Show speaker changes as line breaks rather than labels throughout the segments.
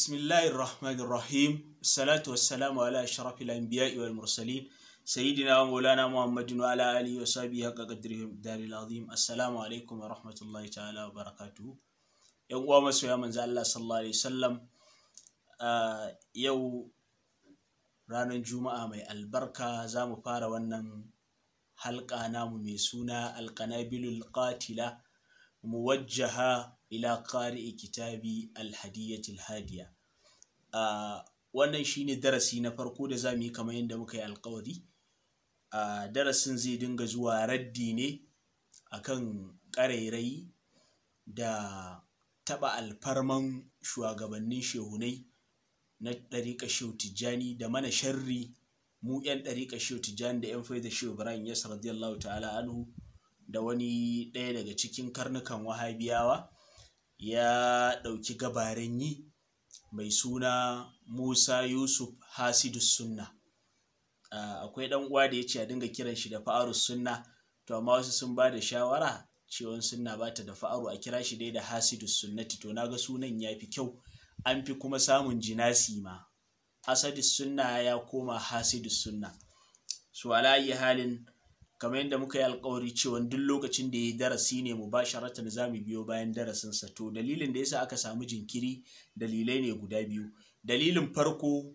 bismillahir rahmanir rahim salatu wassalamu ala ashrafil anbiya'i wal mursalin sayyidina wa maulana muhammadin wa ala alihi wa sahbihi haqqa qadrihim daril azim assalamu alaikum wa rahmatullahi ta'ala wa barakatuh yan uwa masoya manzo Allah sallallahu alaihi yau ranar juma'a mai albarka za mu fara wannan halka namu mai suna alqanabilul mu muwajjaha ila qari'i kitabi alhadiyatul hadiya wannan shine darasi na farko da zamu yi kamar yadda muka yi alkawari darasin zai dinga zuwa raddi ne akan ƙarairayi da taɓa alfarman shugabannin shehunai na ɗariƙa shehu tijjani da mana sharri mu 'yan ɗariƙa shehu tijjani da 'yan faida shehu ibrahim yasa radiyallahu ta'ala anhu da wani ɗaya daga cikin karnukan wahabiyawa ya ɗauki gabarin yi mai suna Musa Yusuf Hasidus Sunna. Akwai ɗan uwa da ya ce a dinga kiran shi da fa'aru sunna, to amma wasu sun ba da shawara cewan sunna ba ta da fa'aru a kira shi dai da Hasidus Sunna, to na ga sunan ya fi kyau, an fi kuma samun jinasi ma. Hasidus Sunna ya koma Hasidus Sunna. So, ala halin kamar yadda muka yi alkawari cewa duk lokacin da ya darasi ne mu ba sharatan za mu biyo bayan darasin sa to dalilin da yasa aka samu jinkiri dalilai ne guda biyu dalilin farko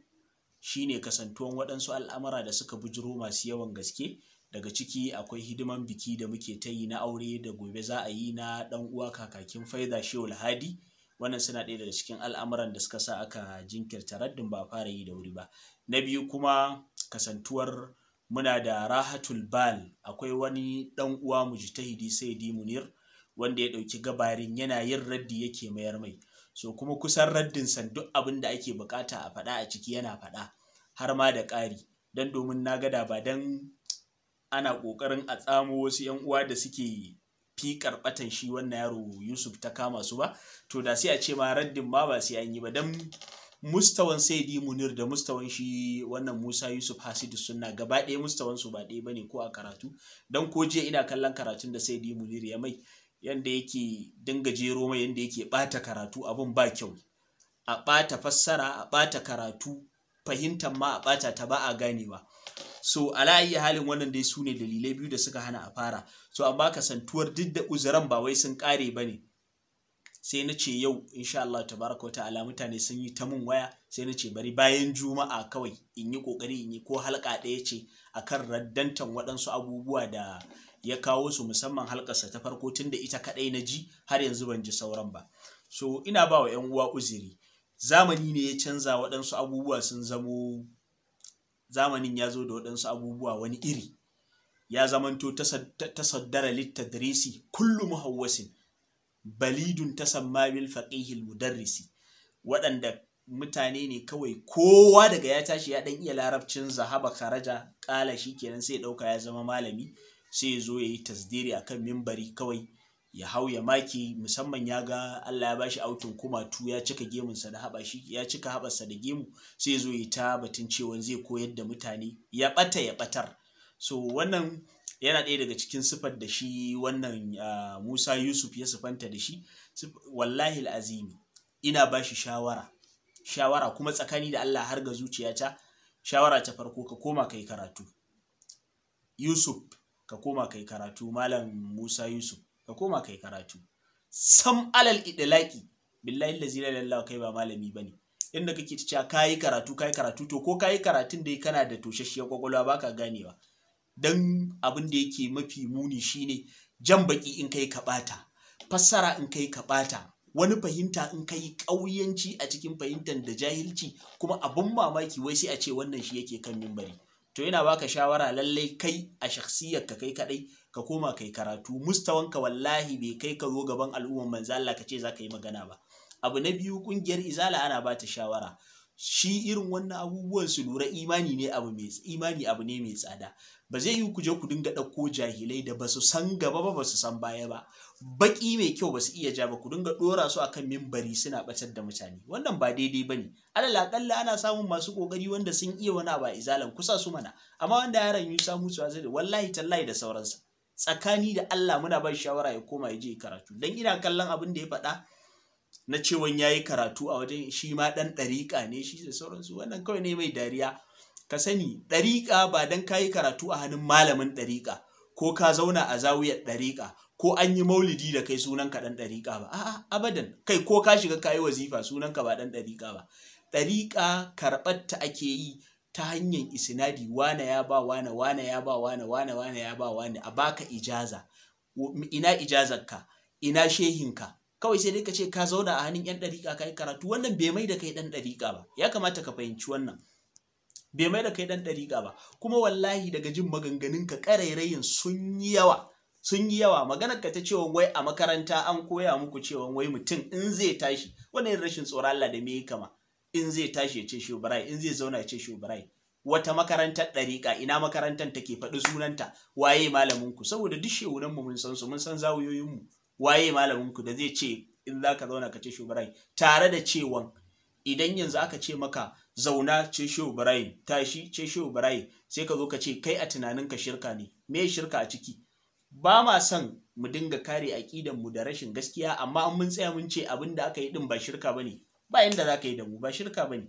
shine kasantuwan waɗansu al'amara da suka bujiro masu yawan gaske daga ciki akwai hidiman biki da muke ta yi na aure da gobe za a yi na ɗan uwa kakakin faida shehu hadi wannan suna ɗaya daga cikin al'amuran da suka sa aka jinkirta raddin ba fara yi da wuri ba na biyu kuma kasantuwar muna da rahatul bal akwai wani dan uwa mujtahidi di munir wanda ya dauki gabarin yana yin raddi yake mayar mai so kuma kusan raddin san duk abin da ake bukata a faɗa a ciki yana faɗa har ma da ƙari dan domin na gada ba dan ana ƙoƙarin a tsamo wasu yan uwa da suke fi karbatan shi wannan yaro Yusuf ta kama su ba to da sai a ce ma raddin ma ba sai an yi ba dan mustawan saidi munir da mustawan shi wannan musa yusuf hasidu suna gaba ɗaya mustawan su ba ɗaya bane ko a karatu Don ko je ina kallon karatun da saidi munir ya mai yanda yake dinga jero mai yanda yake ɓata karatu abun ba kyau a ɓata fassara a ɓata karatu fahimtar ma a ɓata ta ba a ganewa so alayi halin wannan dai su ne dalilai biyu da suka hana a fara so amma kasantuwar duk da uzuran ba wai sun ƙare ba ne sai na ce yau insha Allah tabaraka ta'ala mutane sun yi ta mun waya sai na ce bari bayan juma'a kawai in yi kokari in yi ko halka ɗaya ce a kan raddantan waɗansu abubuwa da ya kawo su musamman halkarsa ta farko tun da ita kaɗai na ji har yanzu ban ji sauran ba so ina ba wa 'yan uwa uzuri zamani ne ya canza waɗansu abubuwa sun zamo zamanin ya zo da waɗansu abubuwa wani iri ya zamanto ta tasaddara littadrisi kullum hawwasin. balidun ta bil faqihil mudarrisi waɗanda mutane ne kawai kowa daga ya tashi ya dan iya larabcin zahaba karaja ƙala shi kenan sai ɗauka ya zama malami sai ya zo ya yi tasdiri a kan mimbari kawai ya hau ya maki musamman ya ga Allah ya bashi aukin kumatu ya cika gemunsa da haba shi ya cika haɓarsa da gemu sai ya zo ya ta batun cewa zai koyar da mutane ya bata ya batar so wannan yana ɗaya daga cikin sifar da shi wannan ah, musa yusuf ya sifanta da shi wallahi azimi ina ba shi shawara shawara kuma tsakani da allah har ga zuciyata shawara ta farko ka koma kai karatu yusuf ka koma kai karatu malam musa yusuf ka koma kai karatu sam alal idilaki billahi allazi la ilaha kai ba malami bane inda kake ta kayi karatu kayi karatu to ko kayi karatun dai kana da toshashiyar kwakwalwa baka ganewa don abin da yake mafi muni shine jan baki in kai ka bata fassara in kai ka bata wani fahimta in ka yi ƙauyanci a cikin fahimtar da jahilci kuma abin mamaki wai sai a ce wannan shi yake kan mimbari to yana baka shawara lallai kai a shakhsiyar ka kai kadai ka koma kai karatu mustawanka wallahi bai kai ka zo gaban al'umman manzo Allah ka ce zaka yi magana ba abu na biyu kungiyar izala ana ba ta shawara shi irin wannan abubuwan su lura imani ne abu mai imani abu ne mai tsada ba zai yi ku je ku dinga ɗauko jahilai da ba su san gaba ba ba su san baya ba baƙi mai kyau ba su iya ja ba ku dinga ɗora su akan mimbari suna ɓatar da mutane wannan ba daidai ba ne alal aƙalla ana samun masu ƙoƙari wanda sun iya wani abu a izalan kusa su mana amma wanda yaron yi samu su zai wallahi tallahi da sauransa tsakani da Allah muna ba shawara ya koma ya je karatu dan ina kallon abin da ya faɗa na cewa yayi karatu a wajen shi ma dan ɗariƙa ne shi da sauransu wannan kawai ne mai dariya ka sani ɗariƙa ba don ka yi karatu a hannun malamin ɗariƙa ko ka zauna a zawiyar ɗariƙa ko an yi maulidi da kai sunan ka ɗan ɗariƙa ba a'a abadan kai ko ka shiga kayi wazifa sunan ka ba ɗan ɗariƙa ba ɗariƙa karɓar ta ake yi ta hanyar isinadi wane ya ba wane wane ya ba wane wane wane ya ba wane a baka ijaza ina ijazar ka ina shehin ka kawai sai dai ka ce ka zauna a hannun yan ɗariƙa ka yi karatu wannan bai mai da kai ɗan ɗariƙa ba ya kamata ka fahimci wannan bai mai da kai dan dariƙa ba kuma wallahi daga jin maganganunka ƙarairayin sun yi yawa sun yi yawa maganar ka ta cewa wai a makaranta an koya muku cewa wai mutum in zai tashi wannan rashin tsoron Allah da me kama in zai tashi ya ce shubarai in zai zauna ya ce shubarai wata makarantar ɗariƙa ina makarantar take faɗi sunanta waye malaminku saboda duk mu mun san su mun san zawuyoyin mu. waye malaminku da zai ce in za ka zauna ka ce shugaban tare da cewa idan yanzu aka ce maka zauna ce shehu ibrahim tashi ce shehu ibrahim sai ka zo ka ce kai a tunaninka shirka ne me shirka a ciki ba ma son mu dinga kare aqidan mu da rashin gaskiya amma an mun tsaya mun ce abin aka yi din ba shirka bane ba yanda za ka yi da mu ba shirka bane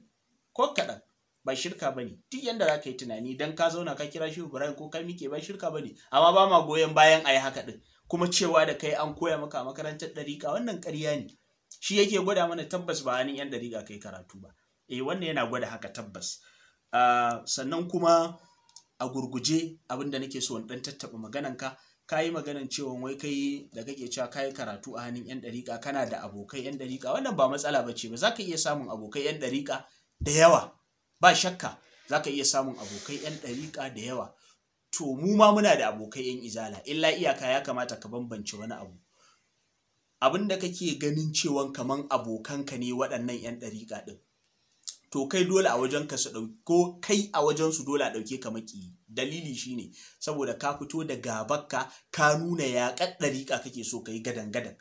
ko kaɗan ba shirka bane duk yanda za ka yi tunani dan ka zauna ka kira shehu ibrahim ko ka miƙe ba shirka bane amma ba ma goyon bayan ayi haka din kuma cewa da kai an koya maka makarantar ɗariƙa wannan ƙarya ne shi yake gwada mana tabbas ba hannun yan ka kai karatu ba eh wannan yana gwada haka tabbas ah, sannan kuma a gurguje abinda nake so in dan tattaɓa maganan ka kayi yi maganan cewa wai kai da kake cewa ka yi karatu a hannun yan dariƙa kana da abokai yan dariƙa wannan ba matsala ba ce ba za ka iya samun abokai yan dariƙa da yawa ba shakka za ka iya samun abokai yan dariƙa da yawa to mu ma muna da abokai yan izala illa iyaka ya kamata ka bambance wani abu abinda kake ganin cewa kaman abokanka ne waɗannan yan dariƙa ɗin to kai dole a wajen ka su ko kai a wajen su dole a ɗauke ka maki dalili shine saboda ka fito da gabakka ka nuna ya kaddarika kake so ka gadan gadan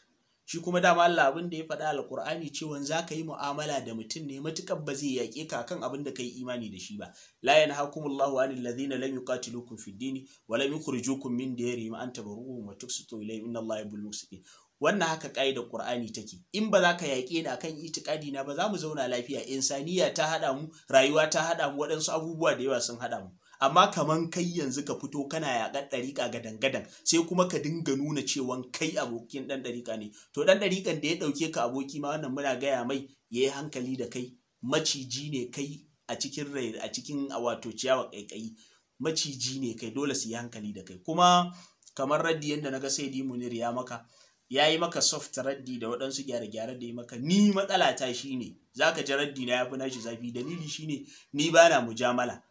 shi kuma dama Allah abin da ya faɗa alƙur'ani cewa za ka yi mu'amala da mutum ne matukar ba zai yaƙe ka kan abin da ka imani da shi ba la yanhakumullahu anil ladina lam yuqatilukum fid din wa lam yukhrijukum min diyarihim an tabarruhum wa tuqsitu ilayhim inna Allaha yuhibbul muqsitin wannan haka ƙa'ida ƙur'ani take in ba za ka yaƙe ni akan itikadi na ba za mu zauna lafiya insaniya ta haɗa mu rayuwa ta haɗa mu waɗansu abubuwa da yawa sun haɗa mu amma kaman kai yanzu ka fito kana yaƙar ɗariƙa ga dangadan sai kuma ka dinga nuna cewan kai abokin ɗan ɗariƙa ne to ɗan ɗariƙan da ya ɗauke ka aboki ma wannan muna gaya mai ya yi hankali da kai maciji ne kai a cikin rai a cikin wato ciyawa ƙaiƙayi maciji ne kai dole su yi hankali da kai kuma kamar raddi yadda na ga sai munir ya maka ya yi maka soft raddi da waɗansu gyare-gyare da ya maka ni matsala ta shi ne za ka ji raddi na ya fi nashi zafi dalili shi ne ni ba na mujamala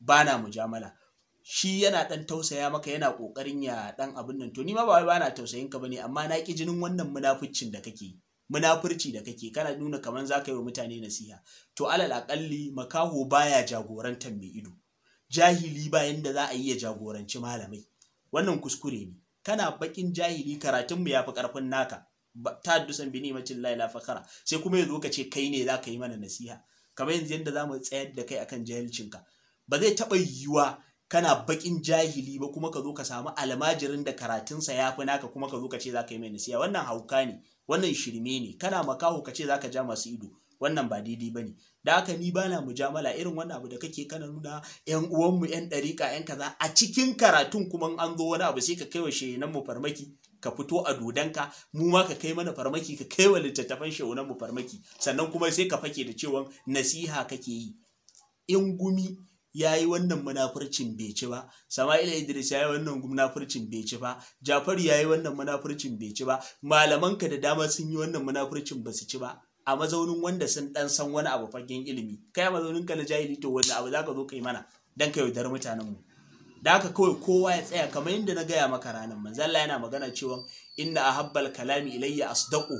ba na mujamala shi yana ɗan tausaya maka yana ƙoƙarin ya ɗan abin nan to ni ma ba wai ba na tausayin ka bane amma na ƙi jinin wannan munafurcin da kake munafurci da kake kana nuna kamar za ka yi wa mutane nasiha to alal aƙalli makaho baya jagorantar mai ido jahili bayan da za a yi ya jagoranci malamai wannan kuskure ne kana bakin jahili karatun mu yafi karfin naka ta dusan bini macin la ilaha fakara sai kuma yanzu ka ce kai ne zaka yi mana nasiha kamar yanzu yanda zamu tsayar da kai akan jahilcinka ba zai taba yiwuwa kana bakin jahili ba kuma ka zo ka samu almajirin da karatunsa ya fi naka kuma ka zo ka ce za ka yi mai nasiha wannan hauka ne wannan shirme ne kana makaho ka ce za ka ja masu ido wannan ba daidai ba ne da haka ni bana mujamala irin wani abu da kake kana nuna yan uwanmu yan ɗarika yan kaza a cikin karatun kuma an zo wani abu sai ka kaiwa shehinan mu farmaki ka fito a dodanka mu ma ka kai mana farmaki ka kai wa littattafan shehunan mu farmaki sannan kuma sai ka fake da cewa nasiha kake yi in gumi ya yi wannan munafurcin bai ci ba sama'ila idris ya yi wannan munafurcin bai ci ba jafaru ya yi wannan munafurcin bai ci ba malamanka da dama sun yi wannan munafurcin ba su ci ba a mazaunin wanda sun dan san wani abu fagen ilimi kai a mazaunin ka na jahili to wanda abu zaka zo ka kai mana dan ka yaudar mutanen mu da haka kawai kowa ya tsaya kamar yadda na gaya maka ranar manzo Allah yana magana cewa inna ahabbal kalami ilayya asdaquhu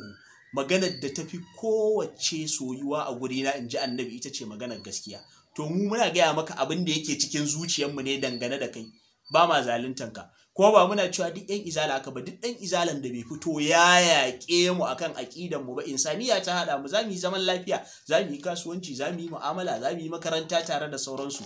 maganar da tafi kowace soyuwa a guri na inji annabi ita ce maganar gaskiya to mu muna gaya maka abin da yake cikin zuciyarmu ne dangane da kai ba ma zaluntanka ko ba muna cewa duk ɗan izala aka ba duk ɗan izalan da bai fito ya yaƙe mu akan aƙidan mu ba insaniya ta haɗa mu za mu yi zaman lafiya za mu yi kasuwanci za mu yi mu'amala za mu yi makaranta tare da sauransu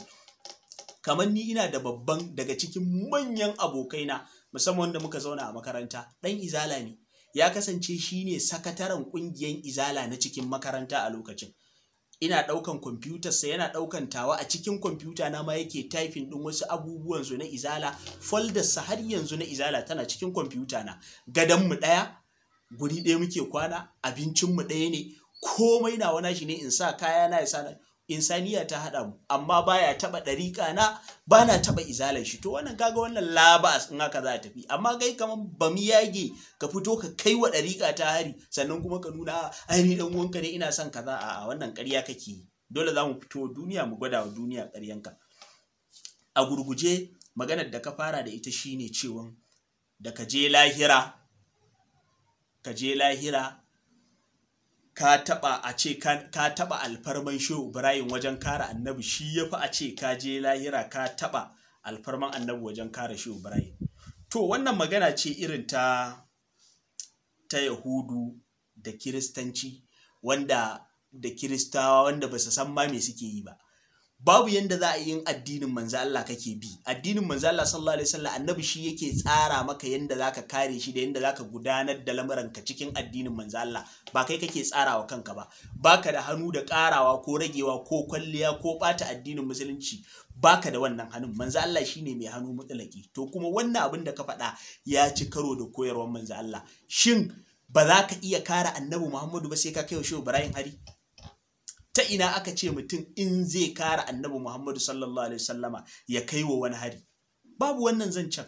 kamar ni ina da babban daga cikin manyan abokaina musamman wanda muka zauna a makaranta ɗan izala ne ya kasance shine sakataren ƙungiyar izala na cikin makaranta a lokacin ina ɗaukan kwamfutarsa yana ɗaukan tawa a cikin kwamfuta na ma yake taifin ɗin wasu abubuwan na izala sa har yanzu na izala tana cikin kwamfuta na mu ɗaya guri ɗaya muke kwana abincin mu ɗaya ne komai na wana shi ne in sa kaya na ya sa insaniya ta haɗa mu amma baya taba ɗariƙa na ba na taɓa izalar shi to wannan kaga wannan labas in haka za a tafi amma gai kamar ba mu yage ka fito ka kai wa ɗariƙa ta hari sannan kuma ka nuna ai dan wanka ne ina son kaza a wannan ƙarya kake dole za mu fito duniya mu gwada wa duniya ƙaryanka a gurguje maganar da ka fara da ita shine cewa da ka je lahira ka je lahira ka taba a ce ka taba alfarman shehu ibrahim wajen kare annabi shi yafi a ce ka je lahira ka taba alfarman annabi wajen kare shehu ibrahim to wannan magana ce irin ta ta yahudu da kiristanci wanda da kiristawa wanda ba su san ma me suke yi ba babu yanda za a yi addinin manzo Allah kake bi addinin manzo Allah sallallahu alaihi wasallam annabi shi yake tsara maka yanda zaka kare shi da yanda zaka gudanar da lamuranka cikin addinin manzo Allah ba kai kake tsarawa kanka ba baka da hannu da karawa ko ragewa ko kwalliya ko bata addinin musulunci baka da wannan hannun manzo Allah shine mai hannu mutlaki to kuma wannan abin da ka faɗa ya ci karo da koyarwar manzo Allah shin ba za ka iya kare annabi Muhammadu ba sai ka kai wa Ibrahim hari ta ina aka ce mutum in zai kara annabi Muhammadu sallallahu alaihi wasallama ya kai wa wani hari babu wannan zancen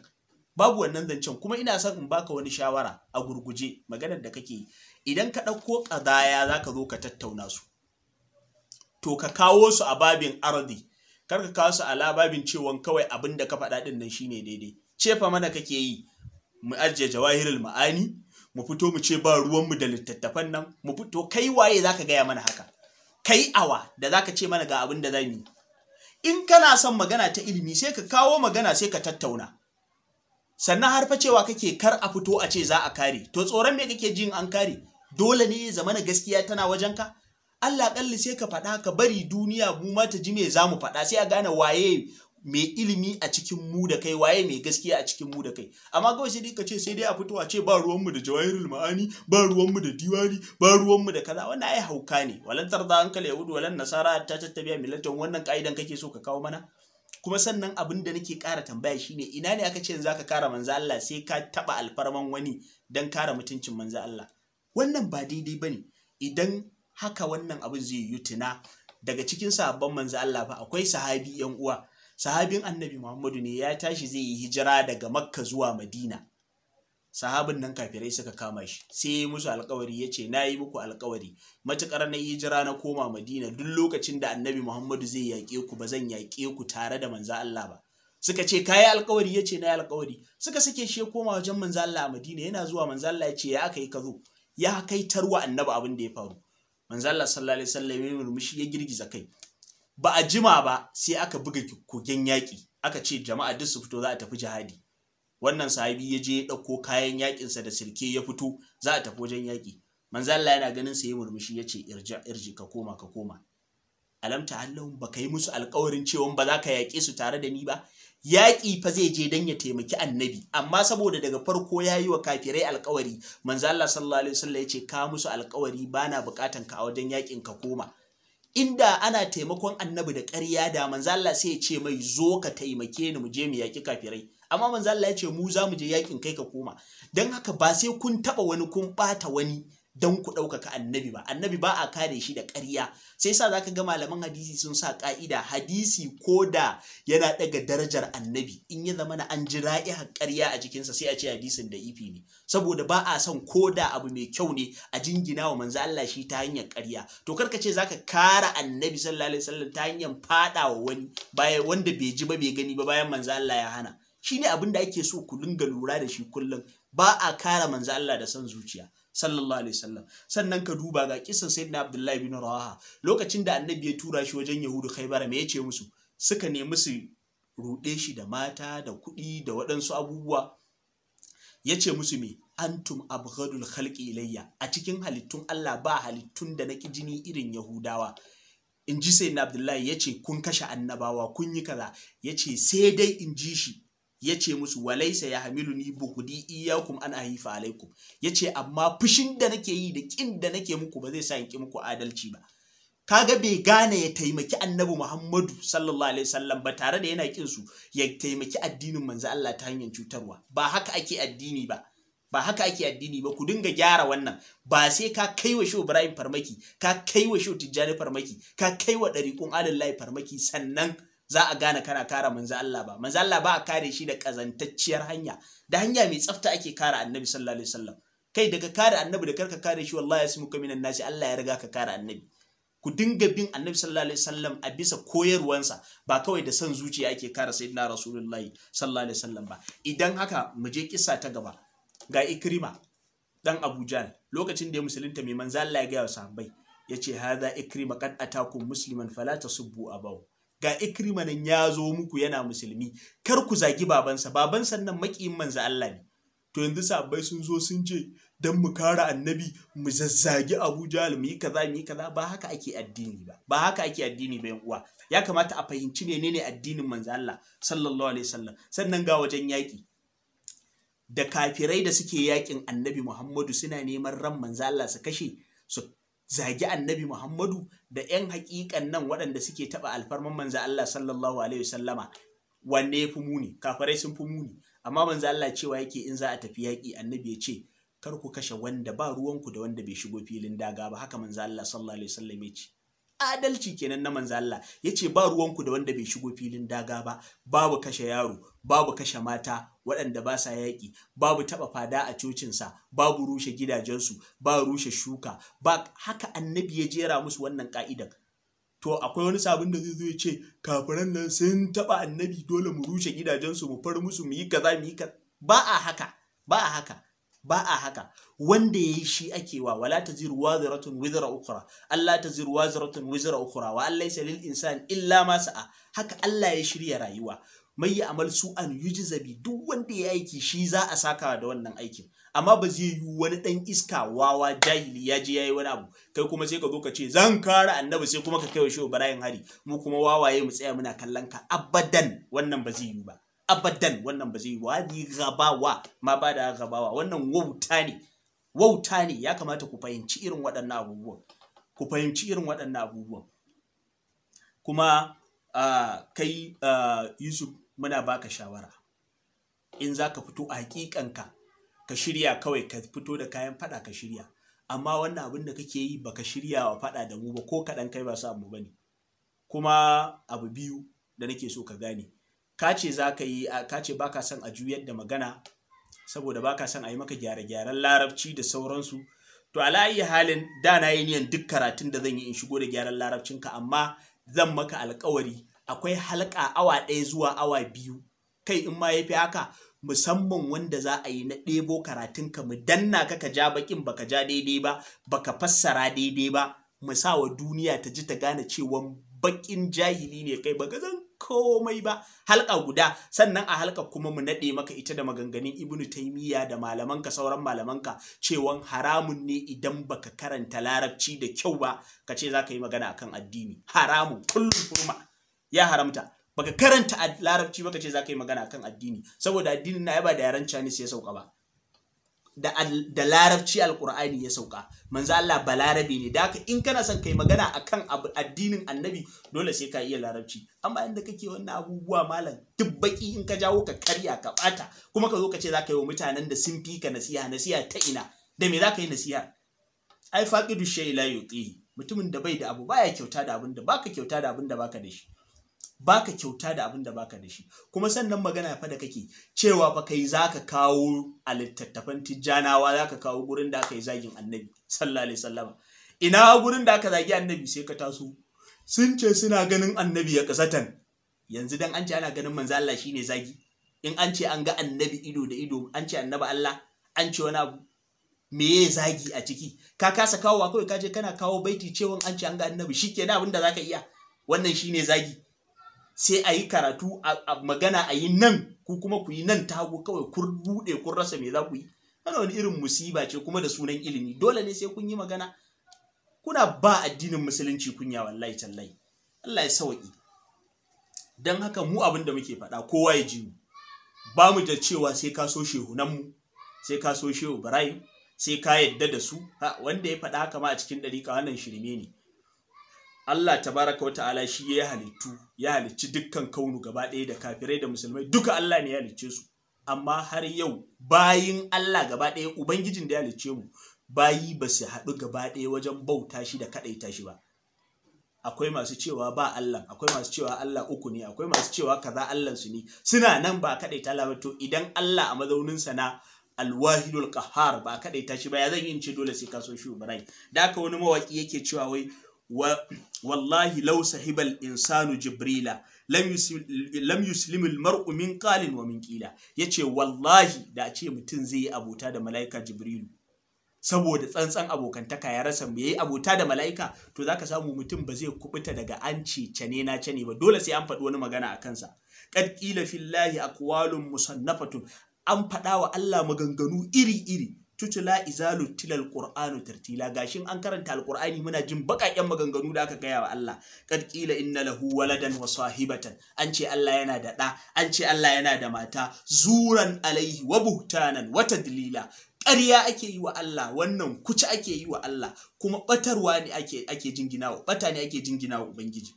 babu wannan zancen kuma ina son in baka wani shawara a gurguje maganar da kake yi idan ka ɗauko ƙazaya za ka zo ka tattauna su to ka kawo su a babin arzi kar ka kawo su a lababin cewon kawai abin da ka faɗa ɗin nan shine daidai cefa mana kake yi mu ajiye jawahirul ma'ani mu fito mu ce ba ruwanmu da littattafan nan mu fito kai waye za ka gaya mana haka Kai awa da za ka ce mana ga abin da za mu yi in kana son magana ta ilimi sai ka kawo magana sai ka tattauna sannan har fa cewa kake kar a fito a ce za a kare to tsoron me kake jin an kare dole ne zamana gaskiya tana wajen ka? Allah kalli sai ka faɗa ka bari duniya mu ma ta ji me zamu faɗa sai a gane waye mai ilimi a cikin mu da kai waye mai gaskiya a cikin mu da kai amma kawai sai ka ce sai dai a fito a ce ba ruwanmu da jawahirul ma'ani ba ruwanmu da diwari ba ruwanmu da kaza wannan ai hauka ne walan tarda hankali yahudu walan nasara ta tattabiya millatan wannan ka'idan kake so ka kawo mana kuma sannan abin da nake kara tambaya shine ina ne aka ce zaka kara manzo Allah sai ka taba alfarman wani dan kara mutuncin manzo Allah wannan ba daidai bane idan haka wannan abin zai yutuna daga cikin sahabban manzo Allah ba akwai sahabi yan uwa sahabin annabi muhammadu ne ya tashi zai yi hijira daga makka zuwa madina sahabin nan kafirai suka kama shi sai ya musu alkawari ya ce na yi muku alkawari matukar na hijira na koma madina duk lokacin da annabi muhammadu zai yaƙe ku ba zan yaƙe ku tare da manza allah ba suka ce kayi alkawari ya ce na yi alkawari suka sake shi ya koma wajen manza allah a madina yana zuwa manza allah ya ce ya aka yi ka zo ya kai tarwa annabi abin da ya faru manzo Allah sallallahu alaihi wasallam murmushi ya girgiza kai ba a jima ba sai aka buga kogen yaƙi aka ce jama'a duk su fito za a tafi jihadi wannan sahabi ya je ya ɗauko kayan yaƙinsa da sirke ya fito za a tafi wajen yaƙi manzo yana ganin sa ya murmushi ya ce irji irji ka koma ka koma alam allah ba yi musu alƙawarin cewa ba za ka yaƙe su tare da ni ba yaƙi fa zai je dan ya taimaki annabi amma saboda daga farko ya yi wa kafirai alƙawari Manzala Allah sallallahu alaihi wasallam ya ce ka musu alƙawari bana buƙatan ka a wajen yaƙin ka koma inda ana taimakon annabi da ƙarya da manzo Allah sai ya ce mai zo ka taimake ni mu je mu yaki kafirai amma manzo Allah ya ce mu za mu je yakin kai ka koma dan haka ba sai kun taba wani kun bata wani don ku ɗaukaka annabi ba annabi ba a kare shi da ƙarya sai sa zaka ga malaman hadisi sun sa ƙa'ida hadisi ko da yana ɗaga darajar annabi in ya zama na an ji ra'ihar ƙarya a jikinsa sai a ce hadisin da ifi ne saboda ba a son ko da abu mai kyau ne a jingina wa manzo Allah shi ta hanyar ƙarya to ka ce zaka kara annabi sallallahu alaihi wasallam ta hanyar faɗa wa wani bayan wanda bai ji ba bai gani ba bayan manzo Allah ya hana shine abin da ake so ku dinga lura da shi kullum ba a kara manzo Allah da son zuciya sallallahu alaihi wasallam sannan ka duba ga kisan sayyidina abdullahi bin rawaha lokacin da annabi ya tura shi wajen yahudu khaybar me yace musu suka nemi su ruɗe shi da mata da kuɗi da waɗansu abubuwa yace musu me antum abghadul khalqi ilayya a cikin halittun Allah ba halittun da naki jini irin yahudawa in ji sayyidina abdullahi yace kun kashe annabawa kun yi kaza yace sai dai in ji shi ya ce musu walaisa ya hamilu ni iya iyakum an ahifa alaikum ya ce amma fushin da nake yi da kin da nake muku ba zai sa in ki muku adalci ba kaga bai gane ya taimaki annabi Muhammadu sallallahu alaihi wasallam ba tare da yana kinsu su ya taimaki addinin manzo Allah ta hanyar cutarwa ba haka ake addini ba ba haka ake addini ba ku dinga gyara wannan ba sai ka kai wa shehu ibrahim farmaki ka kai wa shehu tijjani farmaki ka kai wa ɗariƙun alillahi farmaki sannan za a gane kana kare manzo Allah ba manzo Allah ba a kare shi da kazantacciyar hanya da hanya mai tsafta ake kare annabi sallallahu alaihi wasallam kai daga kare annabi da karka kare shi wallahi yasmuka minan nasi Allah ya riga ka kare annabi ku dinga bin annabi sallallahu alaihi wasallam a bisa koyarwansa ba kawai da son zuciya ake kare sayyidina rasulullahi sallallahu alaihi wasallam ba idan haka mu je kissa ta gaba ga ikrima dan abujan lokacin da ya musulunta mai manzo Allah ya ga sahabbai yace hadha ikrima kad atakum musliman fala tasubbu abahu ga ikrima nan ya zo muku yana musulmi kar ku zagi babansa babansa nan makiyin manzo Allah ne to yanzu sabbai sun zo sun ce dan mu kara annabi mu zazzagi Abu Jahl mu yi kaza mu yi kaza ba haka ake addini ba ba haka ake addini ba uwa ya kamata a fahimci menene addinin manzo Allah sallallahu alaihi wasallam sannan ga wajen yaki da kafirai da suke yakin annabi Muhammadu suna neman ran manzo Allah su kashe su zagi annabi Muhammadu da 'yan haƙiƙan nan waɗanda suke taɓa alfarman manza Allah sallallahu alaihi wasallama wanne ya fi muni kafarai sun fi muni amma manza Allah cewa yake in za a tafi yaƙi annabi ya ce kar ku kashe wanda ba ruwanku da wanda bai shigo filin daga ba haka manzo Allah sallallahu alaihi wasallam ya ce adalci kenan na manzo Allah ya ce ba ruwanku da wanda bai shigo filin daga ba babu kashe yaro babu kashe mata waɗanda ba sa yaƙi babu taɓa fada a cocinsa babu rushe gidajensu ba rushe shuka ba haka annabi ya jera musu wannan ka'idan to akwai wani sabon da zai zo ya ce kafiran nan sun taɓa annabi dole mu rushe gidajensu mu far musu mu yi kaza mu yi kaza ba a haka ba a haka ba a haka wanda ya yi shi ake wa wala ta ziru ziratun wizara ukura Allah ta ziru ziratun wizara ukura wa Allah ya lil insan illa ma sa'a haka Allah ya shirya rayuwa mai yi amal su an yuji zabi duk wanda ya aiki shi za a saka da wannan aikin amma ba zai yi wani dan iska wawa jahili ya je yayi wani abu kai kuma sai ka zo ka ce zan kara annabi sai kuma ka kai wa shi barayin hari mu kuma wawaye mu tsaya muna kallon ka abadan wannan ba zai yi ba abadan wannan ba zai yi ba ni gabawa ma ba da gabawa wannan wauta ne wauta ne ya kamata ku fahimci irin waɗannan abubuwan ku fahimci irin waɗannan abubuwan kuma uh, kai ah, Yusuf muna baka shawara in za ka fito a hakikanka ka shirya kawai ka fito da kayan fada ka shirya amma wannan abin da kake yi baka shirya wa fada da mu ba ko kaɗan kai ba sa mu bane kuma abu biyu da nake so ka gane ka ce za yi ka ce baka son a juyar da magana saboda baka son a yi maka gyare-gyaren larabci da sauransu to a alayi halin da na yi niyan duk karatun da zan yi in shigo da gyaran larabcinka amma zan maka alkawari akwai halka awa ɗaya zuwa awa biyu kai in ma yafi haka musamman wanda za a yi na ɗebo ka mu danna ka ka ja bakin baka ja daidai ba baka fassara daidai ba mu sa wa duniya ta ji ta gane cewa bakin jahili ne kai baka zan komai ba halka guda sannan a halka kuma mu naɗe maka ita da maganganun ibnu taimiyya da malamanka sauran malamanka cewa haramun ne idan baka karanta larabci da kyau ba ka ce za ka yi magana akan addini haramun kullum hurma ya haramta baka karanta a larabci baka ce za yi magana kan addini saboda addini na ba da yaran chinese ya sauka ba da, da larabci Alqur'ani ya sauka manzo Allah balarabi ne da in kana son kai magana akan addinin annabi dole sai ka iya larabci amma inda kake wannan abubuwa malam dubbaki in ka jawo ka karya ka bata kuma ka zo ka ce za yi wa mutanen da sun fi ka nasiha nasiha ta ina da me zaka yi nasiha ai faqidu shay la yuqi mutumin da bai da abu baya kyauta da abin baka kyauta da abin baka da shi baka kyauta da abin da baka da shi kuma sannan magana fa da kake cewa fa kai zaka kawo alittattafan littattafan tijjanawa zaka kawo gurin da aka yi zagin annabi sallallahu alaihi wasallama ina gurin da aka zagi annabi sai ka taso sun ce suna ganin annabi ya kasatan yanzu dan an ce ana ganin manzo Allah shine zagi in an ce an ga annabi ido da ido an ce annabi Allah an ce wani abu me zagi a ciki ka kasa kawowa kawai kaje kana kawo baiti cewa an ce an ga annabi shikenan abin da zaka iya wannan shine zagi sai a yi karatu a magana a yi nan ku kuma ku yi nan hagu kawai kun buɗe kun rasa me za ku yi ana wani irin musiba ce kuma da sunan ilimi dole ne sai kun yi magana kuna ba addinin musulunci kunya wallahi tallahi Allah ya sauki dan haka mu abin da muke faɗa kowa ya ji mu ba mu da cewa sai ka so nan mu sai ka so shehu Ibrahim sai ka yadda da su wanda ya faɗa haka ma a cikin ka wannan shirme ne Allah Ta baraka wa ta'ala shi ya halittu ya halicci dukkan kaunu gaba ɗaya da kafirai da musulmai duka Allah ne ya halicce su amma har yau bayin Allah gaba ɗaya ubangijin da ya halicce mu bayi ba su haɗu gaba ɗaya wajen bauta shi da kaɗaita shi ba akwai masu cewa ba Allah akwai masu cewa Allah uku ne akwai masu cewa kaza Allah su ne suna nan ba kaɗaita Allah ba to idan Allah a mazaunin sa na alwahidul qahhar ba kaɗaita shi ba ya zan yi ce dole sai ka so shi da aka wani mawaki yake cewa wai wallahi law sahibal insanu jibrila lam yuslimu almar'u min qalin wa min qila yace wallahi da a ce mutum zai yi abota da malaika jibrilu saboda tsantsan abokantaka ya rasa mu yayi abota da mala'ika to zaka samu mutum ba zai kubuta daga an cece ne na cane ba dole sai an faɗi wani magana a kansa qad qila fillahi aqwalun musannafatun an faɗa wa Allah maganganu iri-iri tutula izalu tilal qur'anu tartila gashin an karanta alqur'ani muna jin baƙaƙen maganganu da aka gaya wa Allah kad qila inna lahu waladan wa sahibatan an ce Allah yana da da an ce Allah yana da mata zuran alaihi wa buhtanan wa tadlila ƙarya ake yi wa Allah wannan kuci ake yi wa Allah kuma batarwa ne ake ake jinginawa bata ne ake jinginawa ubangiji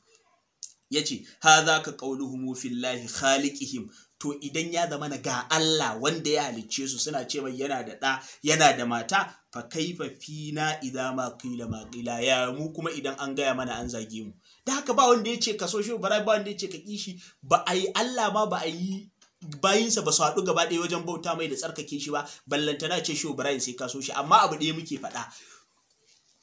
Ya yace za ka qauluhum fillahi khaliqihim to idan ya zama ga Allah wanda ya halicce su suna ce mai yana da ɗa yana da mata fa kaifa fina idza ma qila ma qila ya mu kuma idan an gaya mana an zage mu da haka ba wanda ya ce ka so shi ba wanda ya ka kishi ba ai Allah ma ba a yi bayinsa ba su haɗu gaba ɗaya wajen bauta mai da tsarkake shi ba ballantana ce shi Ibrahim sai kaso shi amma abu ɗaya muke faɗa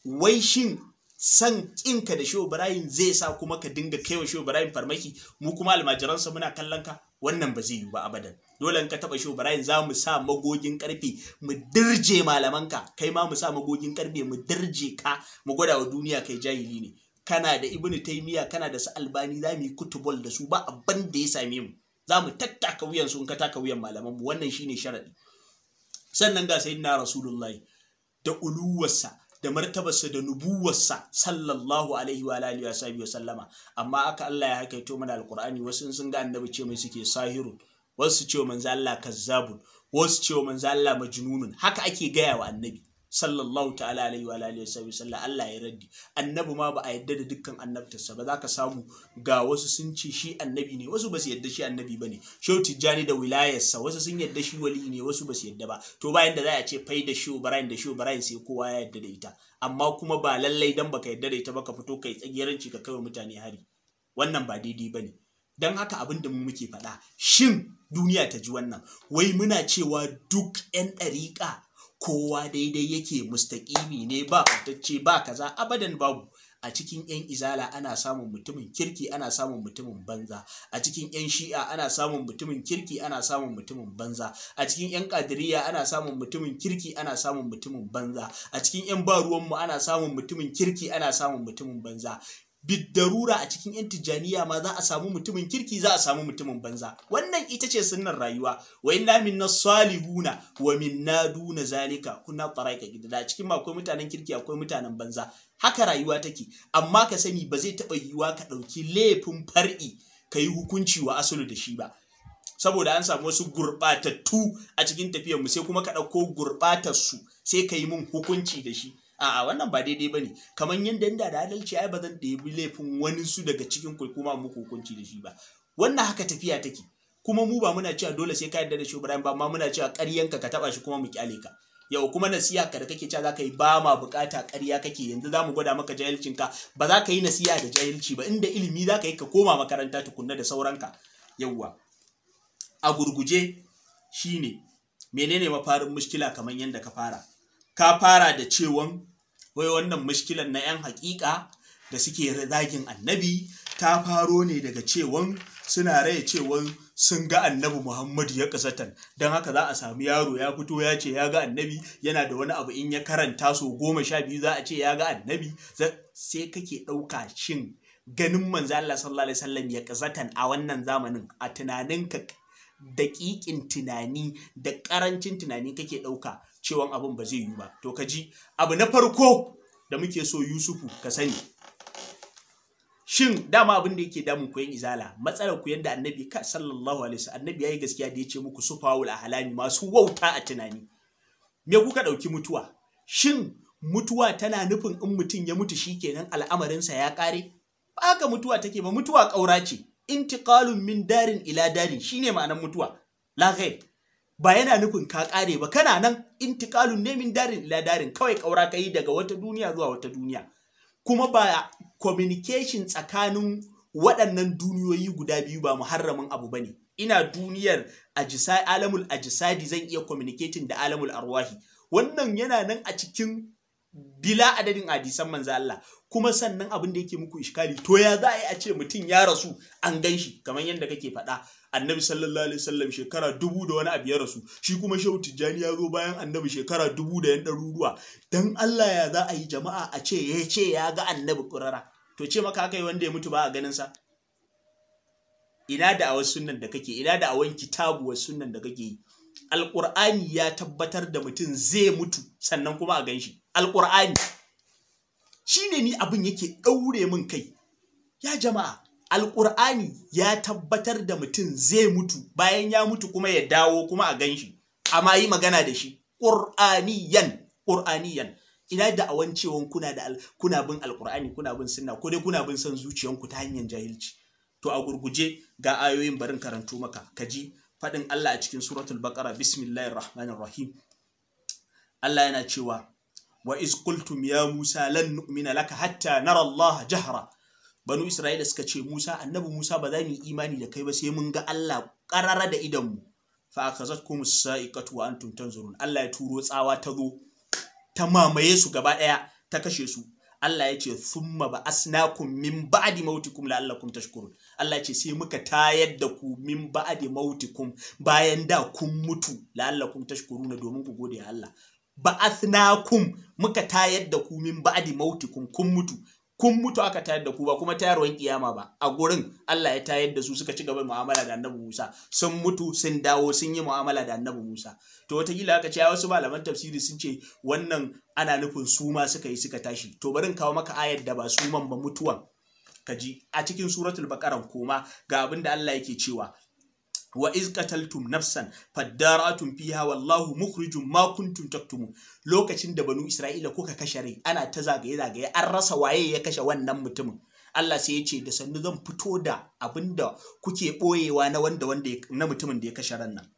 wai shin san ƙinka da shehu ibrahim zai sa kuma ka dinga kaiwa shehu ibrahim farmaki mu kuma almajiransa muna kallon ka wannan ba zai yi ba abadan dole ka taba shehu ibrahim za mu sa magogin karfe mu dirje malamanka kai ma mu sa magogin karfe mu dirje ka mu gwada wa duniya kai jahili ne kana da ibnu taymiya kana da su albani za mu yi kutubul da su ba abin da ya same mu za mu tattaka wuyan su in ka taka wuyan malaman mu wannan shine sharadi sannan ga sayyidina rasulullahi da uluwarsa da martabarsa da nubuwarsa sallallahu alaihi wa alihi wa sahbihi sallama amma aka Allah ya hakaito mana alqur'ani wasu sun ga annabi ce mai suke sahiru, wasu ce manzo Allah kazzabun wasu ce manzo Allah majnunun haka ake gaya wa annabi sallallahu ta'ala alaihi wa alihi wasallam Allah ya raddi annabi ma ba a yadda da dukkan annabtarsa ba za ka samu ga wasu sun ce shi annabi ne wasu ba su yadda shi annabi ba ne shau tijjani da wilayarsa wasu sun yadda shi wali ne wasu ba su yadda ba to bayan da za a ce fai da shi barayin da shau barayin sai kowa ya yadda da ita amma kuma ba lallai dan baka yadda da ita ba ka fito kai tsagiranci ka kai mutane hari wannan ba daidai bane dan haka abin da mu muke faɗa shin duniya ta ji wannan wai muna cewa duk 'yan ɗariƙa kowa daidai yake mustaƙimi ne ba fatacce ba kaza abadan babu a cikin 'yan izala ana samun mutumin kirki ana samun mutumin banza a cikin 'yan shi'a ana samun mutumin kirki ana samun mutumin banza a cikin 'yan kadiriya ana samun mutumin kirki ana samun mutumin banza a cikin 'yan baruwanmu ana samun mutumin kirki ana samun mutumin banza biddarura a cikin yan tijjaniya ma za a samu mutumin kirki za a samu mutumin banza wannan ita ce sunnar rayuwa wa inna minna salihuna wa minna duna zalika kunna faraika gidda a cikin ma akwai mutanen kirki akwai mutanen banza haka rayuwa take amma ka sani ba zai taba yiwuwa ka dauki laifin far'i ka yi hukunci wa asulu da shi ba saboda an samu wasu gurɓatattu a cikin tafiyar mu sai kuma ka ɗauko gurɓatar su sai ka yi mun hukunci da shi a'a wannan ba daidai ba ne kamar yadda inda da adalci ai ba zan ɗebi laifin wani su daga cikin ku kuma muku hukunci da shi ba wannan haka tafiya take kuma mu ba muna cewa dole sai ka yarda da shi Ibrahim ba amma muna cewa ƙaryanka ka taba shi kuma mu kyale ka yau kuma nasiha ka da kake cewa zaka yi ba ma bukata ƙarya kake yanzu za mu gwada maka jahilcin ka ba za ka yi nasiya da jahilci ba inda ilimi za ka yi ka koma makaranta tukunna da sauranka yauwa a gurguje shine menene mafarin mushkila kamar yadda ka fara ka fara da cewan wai wannan mushkilan na 'yan haƙiƙa da suke zagin annabi ta faro ne daga cewan suna raya cewan sun ga annabi muhammadu ya kasatan don haka za a sami yaro ya fito ya ce ya ga annabi yana da wani abu in ya karanta so goma sha biyu za a ce ya ga annabi sai kake ɗauka shin ganin manzo Allah sallallahu alaihi wasallam ya kasatan a wannan zamanin a tunaninka daƙiƙin tunani da ƙarancin tunani kake ɗauka cewan abin ba zai yi ba to ka ji abu na farko da muke so yusufu ka sani shin dama abin da yake damun koyon izala matsalar ku yanda annabi ka sallallahu alaihi wasallam annabi yayi gaskiya da yace muku sufawul ahlami masu wauta a tunani me kuka dauki mutuwa shin mutuwa tana nufin in mutum ya mutu shikenan al'amarinsa ya kare ba ka mutuwa take ba mutuwa kaura ce intiqalun min darin ila darin shine ma'anar mutuwa la ghaib ba yana nufin ka kare ba kana nan intiqalun nemin darin ila darin kawai kaura kayi daga wata duniya zuwa wata duniya kuma ba communication tsakanin waɗannan duniyoyi guda biyu ba muharramin abu bane ina duniyar ajisa alamul ajisadi zan iya communicating da alamul arwahi wannan yana nan a cikin bila adadin hadisan manzo Allah kuma sannan abin da yake muku iskali to ya za a yi a ce mutum ya rasu an gan shi kamar yadda kake faɗa annabi sallallahu alaihi wasallam shekara dubu da wani abu ya rasu shi kuma shehu tijjani ya zo bayan annabi shekara dubu da yan ɗaruruwa dan Allah ya za a yi jama'a a ce ya ce ya ga annabi ƙurara to ce maka kai wanda ya mutu ba a ganin sa ina da awan sunnan da kake ina da awan kitabu wa da kake yi alƙur'ani ya tabbatar da mutum zai mutu sannan kuma a gan shi alƙur'ani shine ni abin yake ɗaure min kai ya jama'a alƙur'ani ya tabbatar da mutum zai mutu bayan ya mutu kuma ya dawo kuma a ganshi amma yi magana da shi ƙur'aniyan ƙur'aniyan ina da awan cewa kuna da kuna bin alƙur'ani kuna bin sunna ko dai kuna bin son zuciyanku ta hanyar jahilci to a gurguje ga ayoyin barin karanto maka kaji faɗin Allah a cikin suratul baqara bismillahir rahmanir rahim Allah yana cewa wa iz qultum ya Musa lan nu'mina laka hatta nara Allah jahra banu Isra'ila suka ce Musa annabi Musa ba za mu imani da kai ba sai mun ga Allah karara da idan mu fa akhazatkum as-sa'iqatu wa antum tanzurun Allah ya turo tsawa ta zo ta mamaye su gaba daya ta kashe su Allah ya ce thumma ba'asnakum min ba'di mautikum la'allakum tashkurun Allah ya ce sai muka tayar da ku min ba'di mautikum bayan da kun mutu la'allakum tashkuruna domin ku gode Allah ba'athnakum muka tayar da ku min ba'di mautikum kun mutu kun mutu aka tayar da ku ba kuma tayarwan kiyama ba a gurin Allah ya tayar da su suka ci gaba mu'amala da Annabi Musa sun mutu sun dawo sun yi mu'amala da Annabi Musa to wataƙila aka ce wasu malaman tafsiri sun ce wannan ana nufin su ma suka yi suka tashi to barin kawo maka ayar da ba man ba mutuwan kaji a cikin suratul baqara koma ga abin da Allah yake cewa wa iz qataltum nafsan fadara'atun fiha wallahu mukhrijum ma kuntum taktumu lokacin da banu isra'ila kuka kashe rai ana ta zagaye zagaye an rasa waye ya kashe wannan mutumin Allah sai ya ce da sannu zan fito da abinda kuke boyewa na wanda wanda na mutumin da ya kashe ran nan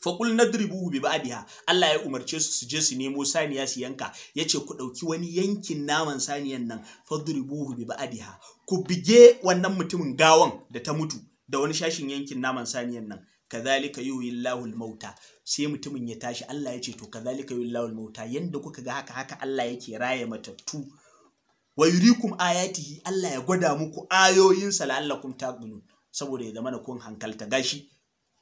fa qul dribuhu bi ba'diha Allah ya umarce su su je su nemo saniya su yanka yace ku dauki wani yankin naman saniyan nan fadribuhu bi ba'diha ku bige wannan mutumin gawan da ta mutu da wani shashin yankin naman saniyan nan kazalika yuhyi lahul mauta sai mutumin ya tashi Allah ya ce to kazalika yuhyi lahul mauta yanda kuka ga haka haka Allah yake raye matattu wa yurikum ayatihi Allah ya gwada muku ayoyinsa la'allakum taqilun saboda ya zamana kun hankalta gashi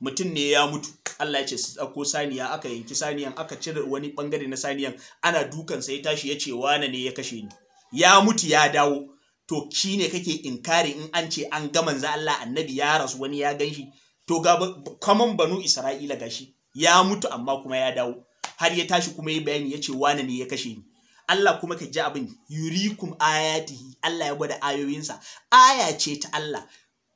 mutum ne ya mutu Allah ya ce su tsako saniya aka yanki saniyan aka cire wani bangare na saniyan ana dukansa ya tashi ya ce wane ne ya kashe ni ya mutu ya dawo to shi ne kake inkari in an ce an ga manzo Allah annabi ya rasu wani ya gan shi to ga kaman banu Isra'ila gashi ya mutu amma kuma ya dawo har ya tashi kuma ya bayani ya ce wane ne ya kashe ni Allah kuma ka ji abin yurikum ayatihi Allah ya gwada ayoyinsa aya ce ta Allah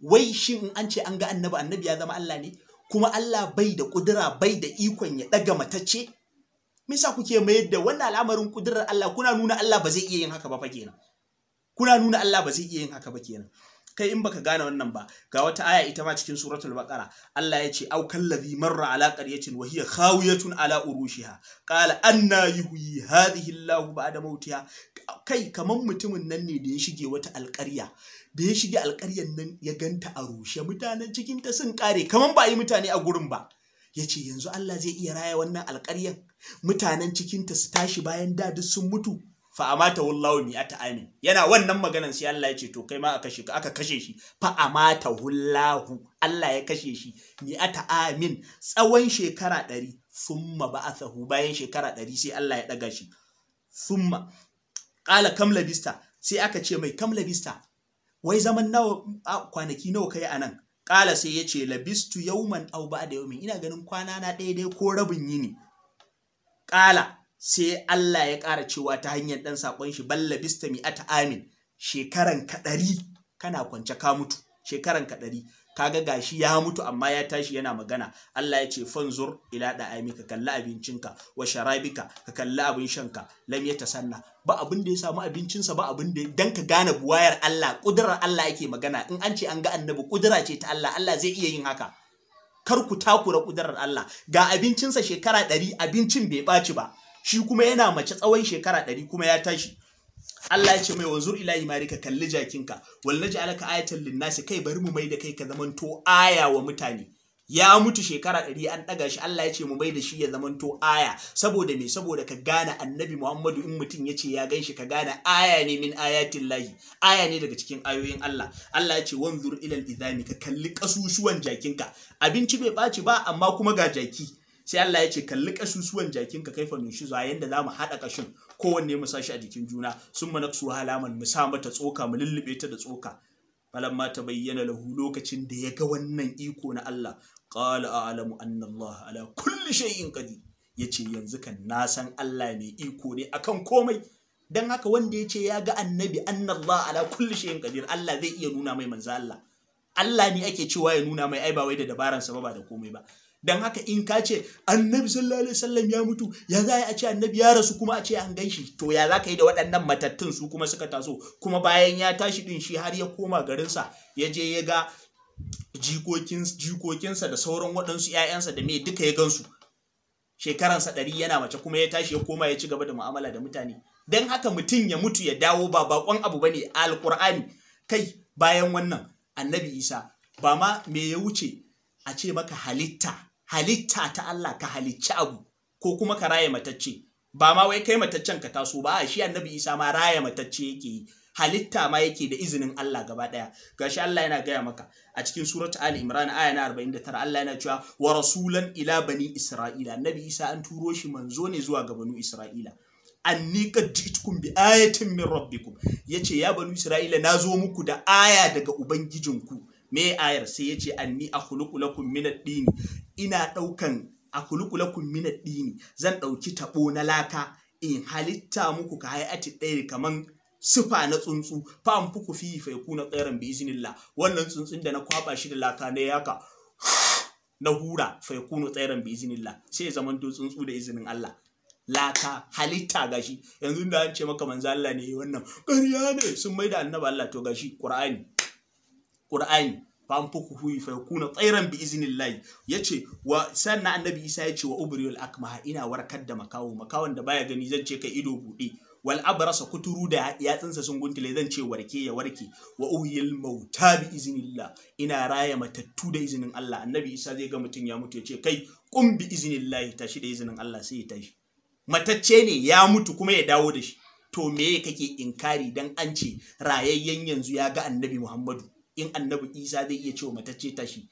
wai shin in an ce an ga annabi annabi ya zama Allah ne kuma Allah bai da kudura bai da ikon ya daga matacce me yasa kuke mayar da wannan al'amarin kudurar Allah kuna nuna Allah ba zai iya yin haka ba fa kenan kuna nuna Allah ba zai iya yin haka ba kenan kai in baka gane wannan ba ga wata aya ita ma cikin suratul baqara Allah ya ce au kallazi marra ala qaryatin wa hiya khawiyatun ala urushiha qala anna yuhyi hadhihi Allahu ba'da mautiha kai kaman mutumin nan ne da ya shige wata alƙarya da ya shige alqaryan nan ya ganta a rushe mutanen cikin ta sun kare kaman ba yi mutane a gurin ba ya ce yanzu Allah zai iya raya wannan alƙaryan. mutanen cikin ta su tashi bayan da duk sun mutu fa amata wallahu mi ata amin yana wannan maganan sai Allah ya ce to kai ma aka kashe ka aka kashe shi fa amata wallahu Allah ya kashe shi mi ata amin tsawon shekara ɗari summa ba'athahu bayan shekara ɗari sai Allah ya ɗaga shi summa qala kam labista sai aka ce mai kam labista wai zaman nawa kwanaki nawa kai anan Kala sai ya ce labistu yauman au ba da yaumin ina ganin kwana na daidai ko rabin yini. Kala. sai Allah ya ƙara cewa ta hanyar ɗan saƙon shi balla bista mi ata amin shekaran kaɗari kana kwance ka mutu shekaran ka ɗari kaga gashi ya mutu amma ya tashi yana magana Allah ya ce fanzur ila da ayi ka kalli abincinka wa sharabika ka kalli abin shanka lam ya tasanna ba abin da ya samu abincinsa ba abin da dan ka gane buwayar Allah kudurar Allah yake magana in an ce an ga annabi kudura ce ta Allah Allah zai iya yin haka kar ku takura kudurar Allah ga abincinsa shekara ɗari abincin bai baci ba shi kuma yana mace tsawon shekara ɗari kuma ya tashi Allah ya ce mai wanzur ila ka kalli jakin jakinka wal alaka ayatan linnasi kai bari mu mai da kai ka zamanto aya wa mutane ya mutu shekara ɗari an ɗaga shi Allah ya ce mu mai da shi ya zamanto aya saboda me saboda ka gane annabi Muhammadu in mutum ya ce ya gan shi ka gane aya ne min ayatin lahi aya ne daga cikin ayoyin Allah Allah ya ce wanzur ilal idami ka kalli kasusuwan ka. abinci bai ɓaci ba amma kuma ga jaki sai Allah ya ce kalli kasusuwan jakinka kaifa nushi zuwa yanda mu haɗa kashin kowanne mu sashi a jikin juna sun su halaman mu sa mata tsoka mu lullube ta da tsoka Malam ma ta bayyana lahu lokacin da ya ga wannan iko na Allah qala a'lamu anna Allah ala kulli shay'in qadir yace yanzu kan na san Allah ne iko ne akan komai dan haka wanda yace ya ga annabi anna Allah ala kulli shay'in qadir Allah zai iya nuna mai manzo Allah Allah ne ake cewa ya nuna mai ai ba wai da dabaransa ba ba da komai ba dan haka in ka ce annabi sallallahu alaihi wasallam ya mutu ya za a ce annabi ya rasu kuma a ce an shi. to ya za ka yi da waɗannan matattun su kuma suka taso kuma bayan ya tashi din shi har ya koma garinsa ya je ya ga jikokinsa da sauran waɗansu 'ya'yansa da me duka ya gansu shekaransa ɗari yana mace kuma ya tashi ya koma ya ci gaba da mu'amala da mutane don haka mutum ya mutu ya dawo ba bakon abu bane alkur'ani kai bayan wannan annabi isa ba ma me ya wuce a ce maka halitta halitta ta Allah ka halicci abu ko kuma ka raya matacce ba ma wai kai mataccen ka taso ba a shi annabi Isa ma raya matacce yake yi halitta ma yake da izinin Allah gaba daya gashi Allah yana gaya maka a cikin surat Ali Imran aya na 49 Allah yana cewa wa rasulan ila bani Isra'ila Annabi Isa an turo shi manzo ne zuwa ga banu Isra'ila anni qad ji'tukum bi ayatin min rabbikum yace ya banu Isra'ila nazo muku da aya daga ubangijinku me ayar sai yace anni akhluqu lakum min ad-din ina ɗaukan a kulukula kun dini zan ɗauki taɓo na laka in halitta muku ka hayati ɗaya kaman sufa na tsuntsu fa an fuku fi fa yakuna tsairan bi iznillah wannan tsuntsun da na kwaba shi da laka ne yaka na hura fa na tsairan bi iznillah sai zaman to tsuntsu da izinin Allah laka halitta gashi yanzu da an ce maka manzo Allah ne wannan ƙarya ne sun maida annabi Allah to gashi Qur'ani Qur'ani huyi fa yakuna tsairan bi iznillahi yace wa sanna annabi Isa yace wa ubriyul akmaha ina warkar da makawo makawon da baya gani zan ce kai ido bude wal abrasa kuturu da yatsinsa sun guntule zan ce warke ya warke wa uhyil mauta bi iznillah ina raya matattu da izinin Allah annabi Isa zai ga mutun ya mutu yace kai kum bi iznillahi tashi da izinin Allah sai ya tashi matacce ne ya mutu kuma ya dawo da shi to me kake inkari dan an ce rayayyen yanzu ya ga annabi Muhammadu in annabi isa zai iya cewa matacce tashi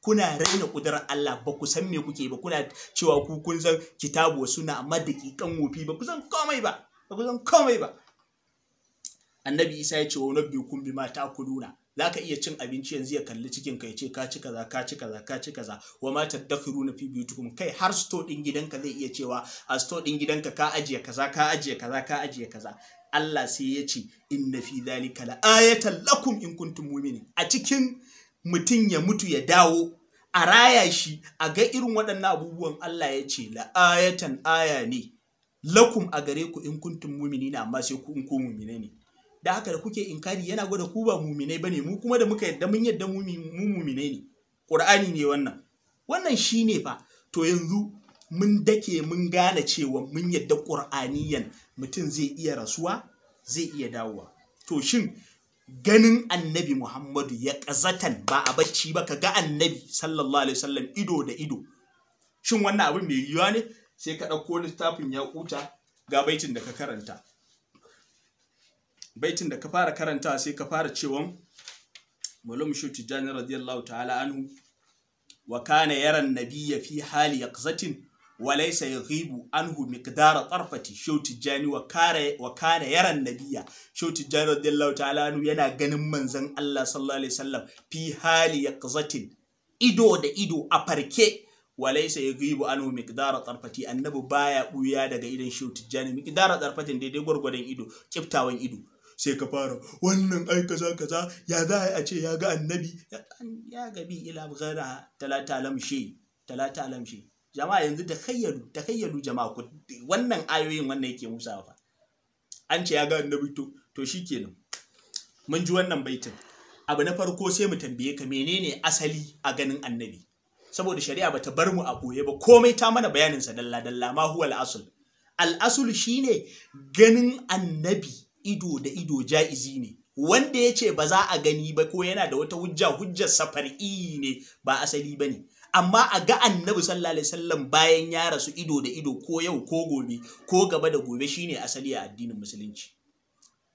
kuna raina kudurar Allah ba ku san me kuke ba kuna cewa ku kun san kitabu wa suna amma kan wofi ba ku san komai ba ba ku san komai ba annabi isa ya ce wa nabbi kun bi mata kuluna za ka iya cin abinci yanzu ya kalli cikin ka ya ce ka ci kaza ka ci kaza ka ci kaza wa ma dafiru na fi tukun kai har sto din gidanka zai iya cewa a sto din gidanka ka ajiye kaza ka ajiye kaza ka ajiye kaza Allah sai ya ce na fi zalika la ayatan lakum in kuntum mu'minin a cikin mutum ya mutu ya dawo a raya shi a ga irin waɗannan abubuwan Allah ya ce la ayatan aya ne lakum a gare ku in kuntum mu'minina amma sai ku in ku mu'mine ne da haka da kuke inkari yana gwada ku ba mu'minai bane mu kuma da muka yadda mun yadda mu ne Qur'ani ne wannan wannan shine fa to yanzu mun dake mun gane cewa mun yadda ƙur'aniyan mutum zai iya rasuwa zai iya dawowa to shin ganin annabi muhammadu ya ƙazatan ba a bacci ba ka ga annabi sallallahu alaihi wasallam ido da ido shin wannan abin mai yiwuwa ne sai ka ɗauko littafin ya kuta ga baitin da ka karanta baitin da ka fara karanta sai ka fara cewan malum Shuti tijani radiyallahu ta'ala anhu wa kana yaran nabiyya fi hali yaqzatin walaysa yaghibu anhu miqdara tarfati shaw tijani wa kare wa kare yaran nabiya. shaw jani radiyallahu ta'ala anhu yana ganin manzan Allah sallallahu alaihi wasallam fi hali yaqzatin ido da ido a farke walaysa yaghibu anhu miqdara tarfati annabi baya buya daga idan shaw tijani miqdara tarfatin daidai gwargwadon ido kiftawan ido sai ka fara wannan ai kaza kaza ya za a ce ya ga annabi ya gabi ila ghaira talata alamshi talata alamshi jama'a yanzu ta kayyalu ta kayyalu jama'a ku wannan ayoyin wannan yake musa fa an ce ya ga annabi to to shikenan mun ji wannan baitin abu na farko sai mu tambaye ka menene asali a ganin annabi saboda shari'a bata bar mu a koye ba komai ta mana bayanin sa dalla dalla ma huwa al-asl al-asl shine ganin annabi ido da ido jaizi ne wanda yace ba za a gani ba ko yana da wata hujja hujjar safar'i ne ba asali bane amma a ga annabi sallallahu alaihi wasallam bayan ya rasu ido da ido ko yau ko gobe ko gaba da gobe shine asali a addinin musulunci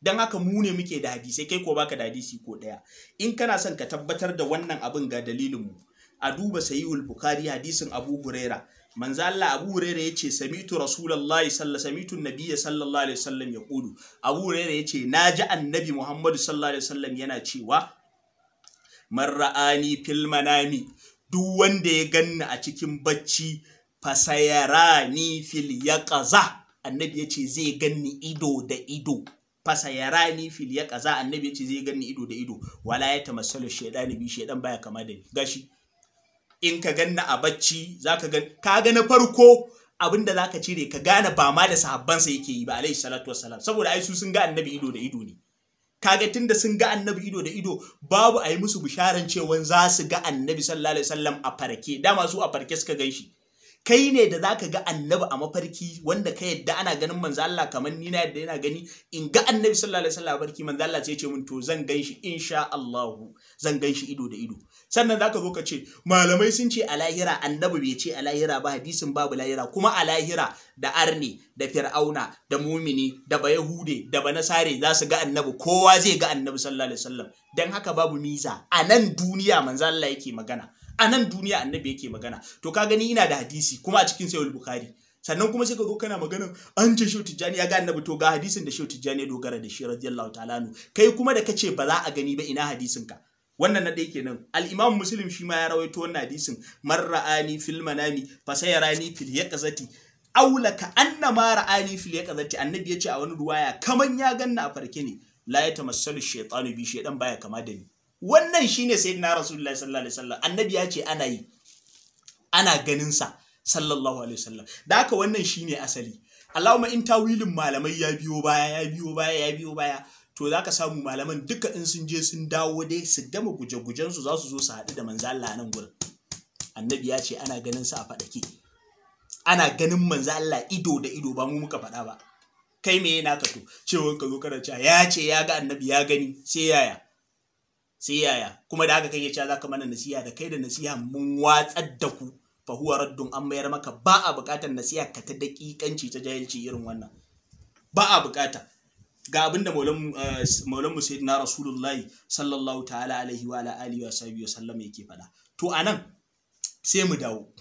dan haka mu ne muke da hadisai kai ko baka da hadisi ko daya in kana son ka tabbatar da wannan abin ga dalilin mu a duba sahihul bukhari hadisin abu huraira manzo Allah Abu Hurairah yace samitu rasulullahi sallallahu samitu Nabiyyi sallallahu alaihi wasallam yaqulu Abu Hurairah yace naji Annabi muhammadu sallallahu alaihi wasallam yana cewa man ra'ani fil manami duk wanda ya ganni a cikin bacci fasayarani fil yaqaza annabi ya ce zai ganni ido da ido fasayarani fil yaqaza annabi ya ce zai ganni ido da ido wala ya tamassalu shaydani bi shaydan baya kama da ni gashi in ka ganni a bacci zaka gan ka ga na farko abinda zaka cire ka gane ba ma da sahabbansa yake yi ba alaihi salatu wassalam saboda ai su sun ga annabi ido da ido ne kaga da sun ga annabi ido da ido babu a yi musu bisharan cewa za su ga annabi sallallahu alaihi wasallam a farke dama su a farke suka gan shi kai ne da zaka ga annabi a mafarki wanda ka yadda ana ganin manzo Allah kamar ni na yadda yana gani in ga annabi sallallahu alaihi wasallam barki manzo Allah sai ya ce min to zan ganshi insha Allah zan ganshi ido da ido sannan zaka zo ka ce malamai sun ce a lahira annabi bai ce a lahira ba hadisin babu lahira kuma a lahira da arne da fir'auna da mumini da bayahude da banasare za su ga annabi kowa zai ga annabi sallallahu alaihi wasallam dan haka babu miza a nan duniya manzo Allah yake magana a nan duniya annabi yake magana to ka gani ina da hadisi kuma a cikin sayyid bukhari sannan kuma sai ka zo kana magana an ce shehu tijjani ya ga annabi to ga hadisin da shehu tijjani dogara da shi radiyallahu ta'ala kai kuma da kace ba za a gani ba ina hadisin ka wannan na dai kenan al-imam muslim shi ma ya rawaito wannan hadisin marra'ani fil manami fa sayarani fil yaqzati aula ka annama ra'ani fil yaqzati annabi yace a wani ruwaya kaman ya ganna a farke ne la tamassalu shaytanu bi shaydan baya kama da ni wannan shine na rasulullahi sallallahu alaihi wasallam annabi ya ce ana yi ana ganin sa sallallahu alaihi wasallam da haka wannan shine asali Allahumma in tawilin malamai ya biyo baya ya biyo baya ya biyo baya to za ka samu malaman duka in sun je sun dawo dai su gama guje-gujen su za zo su haɗu da manzo Allah nan gurin annabi ya ce ana ganin sa a faɗake ana ganin manzo Allah ido da ido ba mu muka faɗa ba kai me yana ka to cewa ka zo kana cewa ya ce ya ga annabi ya gani sai yaya sai yaya kuma da haka kake za ka mana nasiha da kai da nasiha mun watsar da ku fa huwa raddun an mayar maka ba a bukatar nasiha ka ta dakikanci ta jahilci irin wannan ba a bukata ga abin da eh, maulan mu sayyidina rasulullahi sallallahu ta'ala alaihi wa ala alihi wa sahbihi sallam yake faɗa to anan sai mu dawo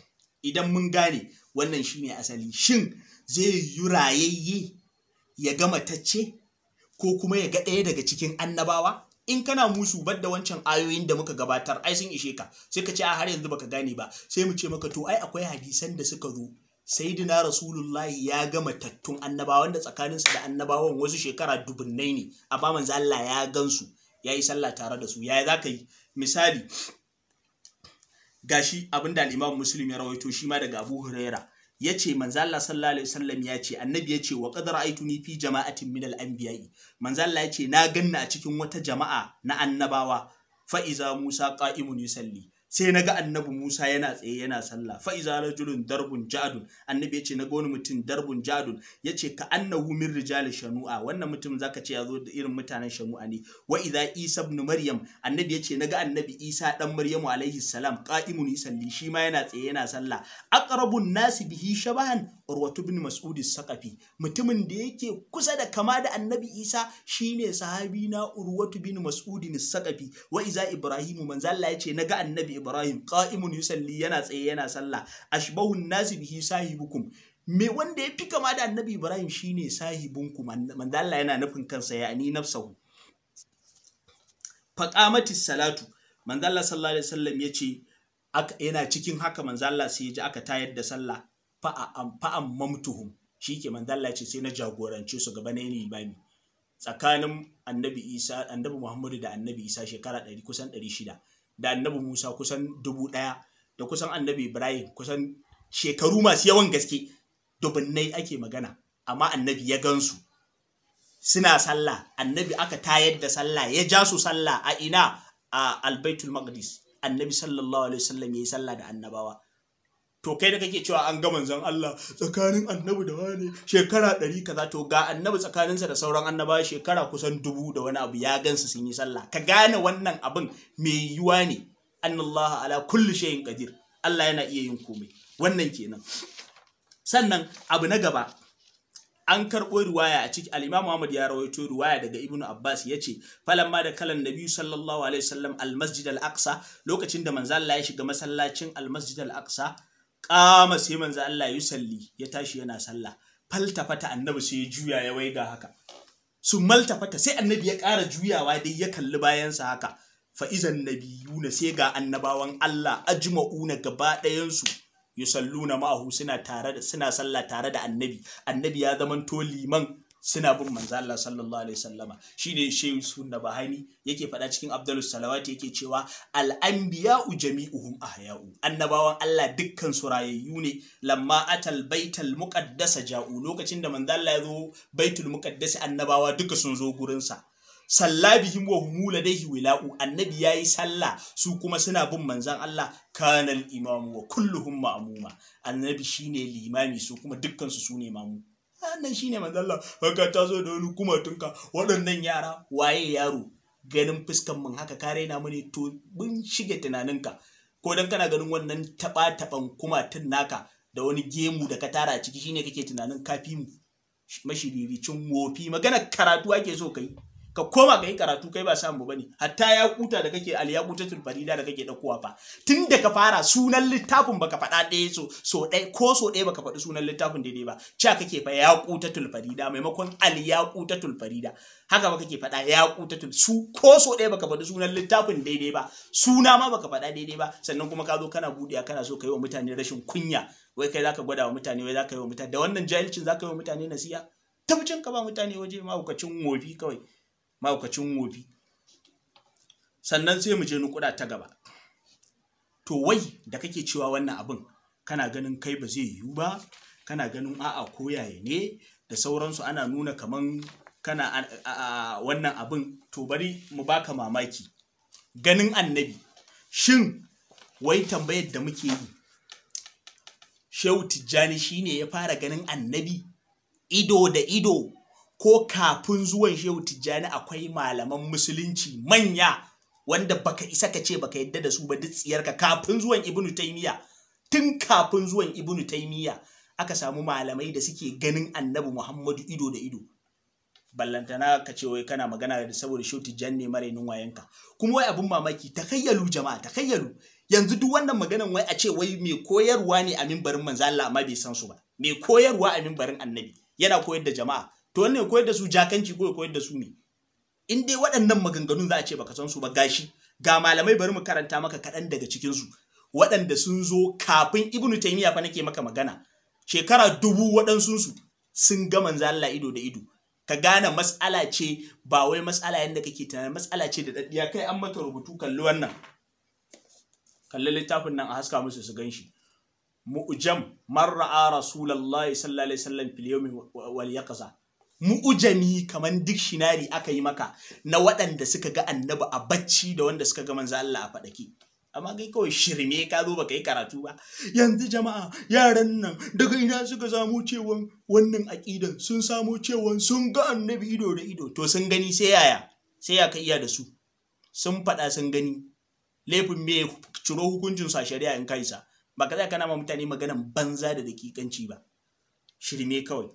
idan mun gane wannan shine asali shin zai yi rayayye ya ga matacce ko kuma ya ga ɗaya daga cikin annabawa in kana musu bar da wancan ayoyin da muka gabatar ai sun ishe ka sai ka ce a ah, har yanzu baka gane ba sai mu ce maka to ai akwai hadisan da suka zo sayyidina rasulullahi ya ga matattun annabawan da tsakaninsa da annabawan wasu shekara dubunnai ne amma manzo Allah ya gansu ya yi sallah tare da su yaya za ka yi misali gashi abinda al-imam muslim ya rawaito shi ma daga abu Hurairah yace manzo Allah sallallahu alaihi wasallam ce, annabi ya ce wa qad ra'aytuni fi jama'atin min al-anbiya'i manzo Allah yace na ganna a cikin wata jama'a na annabawa fa iza Musa qa'imun yusalli sai na ga annabi Musa yana tsaye yana sallah fa iza rajulun darbun jadun annabi yace naga wani mutum darbun jadun yace ka annahu min rijali shanu'a wannan mutum zaka ce yazo da irin mutanen shanu'a ne wa iza Isa ibn Maryam annabi yace naga annabi Isa dan Maryamu alaihi salam qa'imun yusalli shi ma yana tsaye yana sallah aqrabun nasi bihi shabahan urwatu ibn mas'ud saqafi mutumin da yake kusa da kama da annabi Isa shine sahabi na urwatu ibn mas'ud saqafi wa iza Ibrahim manzo Allah yace naga annabi ibrahim qa'imun yusalli yana tsaye yana sallah ashbahu nasi bihi sahibukum me wanda ya fi kama da annabi ibrahim shine sahibunku manzo Allah yana nufin kansa ya ani nafsahu faqamati salatu manzo Allah sallallahu alaihi wasallam yace yana cikin haka manzala sai ya ji aka tayar da sallah fa'am fa'am mamtuhum shike manzo Allah ce sai na jagorance su gaba ne bani tsakanin annabi Isa annabi Muhammadu da annabi Isa shekara 100 kusan 600 da annabi Musa kusan dubu ɗaya da kusan annabi Ibrahim kusan shekaru masu yawan gaske dubunnai ake magana amma annabi ya gansu suna sallah annabi aka tayar da sallah ya ja su sallah a ina a albaitul maqdis annabi sallallahu alaihi wasallam yayi sallah da annabawa to kai da kake cewa an ga manzon Allah tsakanin annabi da wani shekara ɗari kaza to ga annabi tsakaninsa da sauran annaba shekara kusan dubu da wani abu ya gansu sun yi sallah ka gane wannan abin mai yiwuwa ne annallaha ala kulli shay'in qadir Allah yana iya yin komai wannan kenan sannan abu na gaba an karɓo riwaya a ciki al-Imam Muhammad ya rawaito riwaya daga Ibn Abbas ya ce falamma da kalan Nabi sallallahu alaihi wasallam al-Masjid al-Aqsa lokacin da manzo Allah ya shiga masallacin al-Masjid al-Aqsa kama sai manzo Allah yusalli ya tashi yana sallah faltafata annabi sai ya juya ya waiga haka sun fata sai annabi ya ƙara juyawa dai ya kalli sa haka fa'izan nabiyuna sai ga annabawan Allah ajma'una gaba su yusalluna ma'ahu suna tare da suna sallah tare da annabi annabi ya zamanto liman suna bin manzo Allah sallallahu alaihi wasallama shine shehu sunna bahani yake faɗa cikin Abdul salawat yake cewa al anbiya'u jami'uhum ahya'u annabawan Allah dukkan su rayayyu ne lamma atal baital muqaddas ja'u lokacin da manzo Allah ya zo baitul muqaddas annabawa duka sun zo gurin sa salla bihim wa humula ladaihi wila'u annabi yayi sallah su kuma suna bin Manzan Allah kanal imamu wa kulluhum ma'muma annabi shine limami su kuma dukkan su sune mamu wannan shine ne Allah haka ta zo da wani kumatunka waɗannan yara waye yaro ganin fuskan mun haka kare na mu to mun shige tunaninka ko dan kana ganin wannan taba taban kumatun naka da wani gemu da ka tara a ciki shine kake tunanin kafi mu mashiriri cin wofi magana karatu ake so kai ka koma ka yi karatu kai ba samu bane hatta ya kuta da kake al farida da kake dakowa fa tun da ka fara sunan littafin baka faɗa ɗaya so so ɗaya ko so ɗaya baka faɗi sunan littafin daidai ba cha kake fa yaqutatul farida maimakon al yaqutatul farida haka ba kake faɗa yaqutatul su ko so ɗaya baka faɗi sunan littafin daidai ba suna ma baka faɗa daidai ba sannan kuma ka zo kana buɗe, kana so kai wa mutane rashin kunya wai kai zaka gwada wa mutane wai zaka yi wa mutane da wannan jahilcin zaka yi wa mutane nasiha tabbacin ka ba mutane waje ma wofi kawai mahaukacin wobi. sannan sai mu je nukuda ta gaba to wai da kake cewa wannan abin kana ganin kai ba zai yiwu ba kana ganin a'a koyaye ne da sauransu ana nuna kaman kana wannan abin to bari mu baka mamaki ganin annabi shin wai tambayar da muke yi shehu tijjani shine ya fara ganin annabi ido da ido ko kafin zuwan shehu tijjani akwai malaman musulunci manya wanda baka isa ka ce baka yadda da su ba duk ka kafin zuwan ibnu taymiya tun kafin zuwan ibnu taymiya aka samu malamai da suke ganin annabi muhammadu ido da ido ballantana ka ce wai kana magana da saboda shehu tijjani ne marainin ka. kuma wai abin mamaki takayyalu jama'a takayyalu yanzu duk wannan maganan wai a ce wai mai koyarwa ne a mimbarin manzo Allah amma bai san su ba mai koyarwa a mimbarin annabi yana koyar da jama'a to wannan koyar da su jakanci ko koyar da su ne in dai waɗannan maganganun za a ce baka san su ba gashi ga malamai bari mu karanta maka kaɗan daga cikin su waɗanda sun zo kafin ibnu taymiya fa nake maka magana shekara dubu waɗansu su sun ga manzo Allah ido da ido ka gane mas'ala ce ba wai mas'ala yanda kake tunani mas'ala ce da daddiya kai an mata rubutu kalli wannan kalli littafin nan a haska musu su ganshi shi mu'jam man ra'a rasulullahi sallallahu alaihi wasallam fil yawmi wal yaqza mu'ujami kamar duk shinari aka yi maka na waɗanda suka ga annabi a bacci da wanda suka ga manzo Allah a faɗaki amma kai kawai shirme ka zo baka yi karatu ba yanzu jama'a yaran nan daga ina suka samu cewa wannan aƙidan sun samu cewan sun ga annabi ido da ido to sun gani sai yaya sai ya ka iya da su sun faɗa sun gani laifin me ciro hukuncin sa shari'a in kaisa ba ka za ka nama mutane maganan banza da dakikanci ba shirme kawai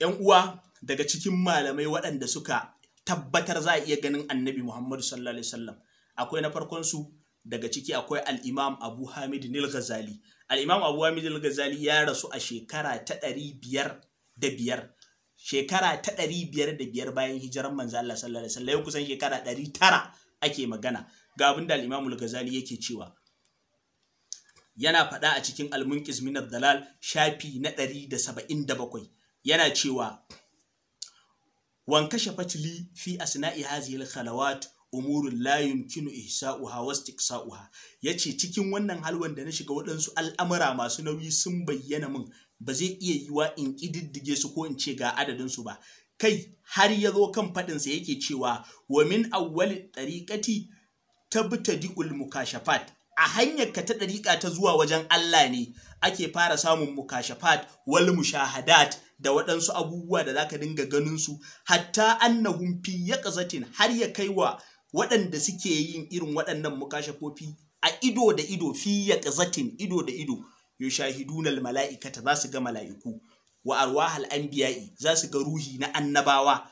'yan uwa daga cikin malamai waɗanda suka tabbatar za a iya ganin annabi Muhammadu sallallahu alaihi wasallam akwai na farkon su daga ciki akwai al-Imam Abu Hamid Nil-Ghazali al Abu Hamid nil ya rasu a shekara ta ɗari biyar da biyar shekara ta ɗari biyar da biyar bayan hijiran manzo Allah sallallahu alaihi wasallam kusan shekara ɗari tara ake magana ga abin da al-Imam yake cewa yana faɗa a cikin al munqiz min ad-Dalal shafi na ɗari da saba'in da bakwai yana cewa wan kashe fatili fi asna'i al khalawat umurun la yumkinu ihsa'uha wastiqsa'uha yace cikin wannan halwan da na shiga waɗansu al'amura masu nauyi sun bayyana min ba zai iya yiwa in ƙididdige su ko in ce ga adadin su ba kai har ya zo kan sa yake cewa wa min awwali tariqati tabtadi'ul mukashafat a hanyar ka ta ɗariƙa ta zuwa wajen Allah ne ake fara samun mukashafat wal mushahadat da waɗansu abubuwa da zaka dinga ganin su hatta annahum fi yaqzatin har ya kaiwa waɗanda suke yin irin waɗannan mukashafofi a ido da ido fi yaqzatin ido da ido yushahidunal mala'ikata za su ga mala'iku wa arwahal anbiya'i za su ga ruhi na annabawa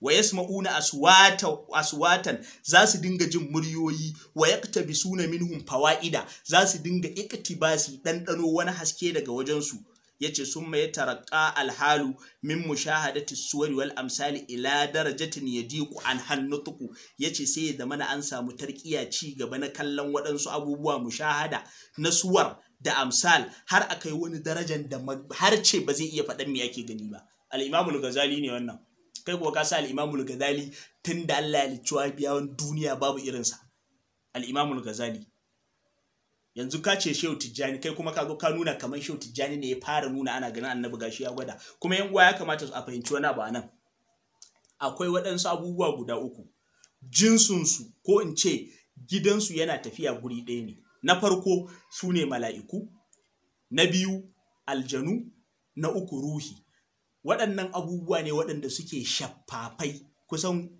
wa yasma'una aswata aswatan za su dinga jin muryoyi wa yaktabisuna minhum fawaida za su dinga iktibasi ɗanɗano wani haske daga wajen su yace summa yataraqqa alhalu min mushahadati suwari wal amsali ila darajatin yadiqu an hannutuku yace sai da mana an samu tarkiya ci gaba na kallon waɗansu abubuwa mushahada na suwar da amsal har akai wani darajan da har ce ba zai iya faɗan me ake gani ba al-imamu al-ghazali ne wannan kai kuwa ka sa al gazali tun tunda Allah ya biya biyawan duniya babu irinsa al gazali yanzu ka ce shehu tijjani kai kuma ka zo ka nuna kamar shehu tijjani ne ya fara nuna ana ganin annabi gashi ya gwada kuma yan uwa ya kamata su a fahimci wani abu anan akwai waɗansu abubuwa guda uku jinsunsu ko in ce gidansu yana tafiya guri ɗaya ne na farko su ne mala'iku na biyu aljanu na uku ruhi waɗannan abubuwa ne waɗanda suke shaffafai kusan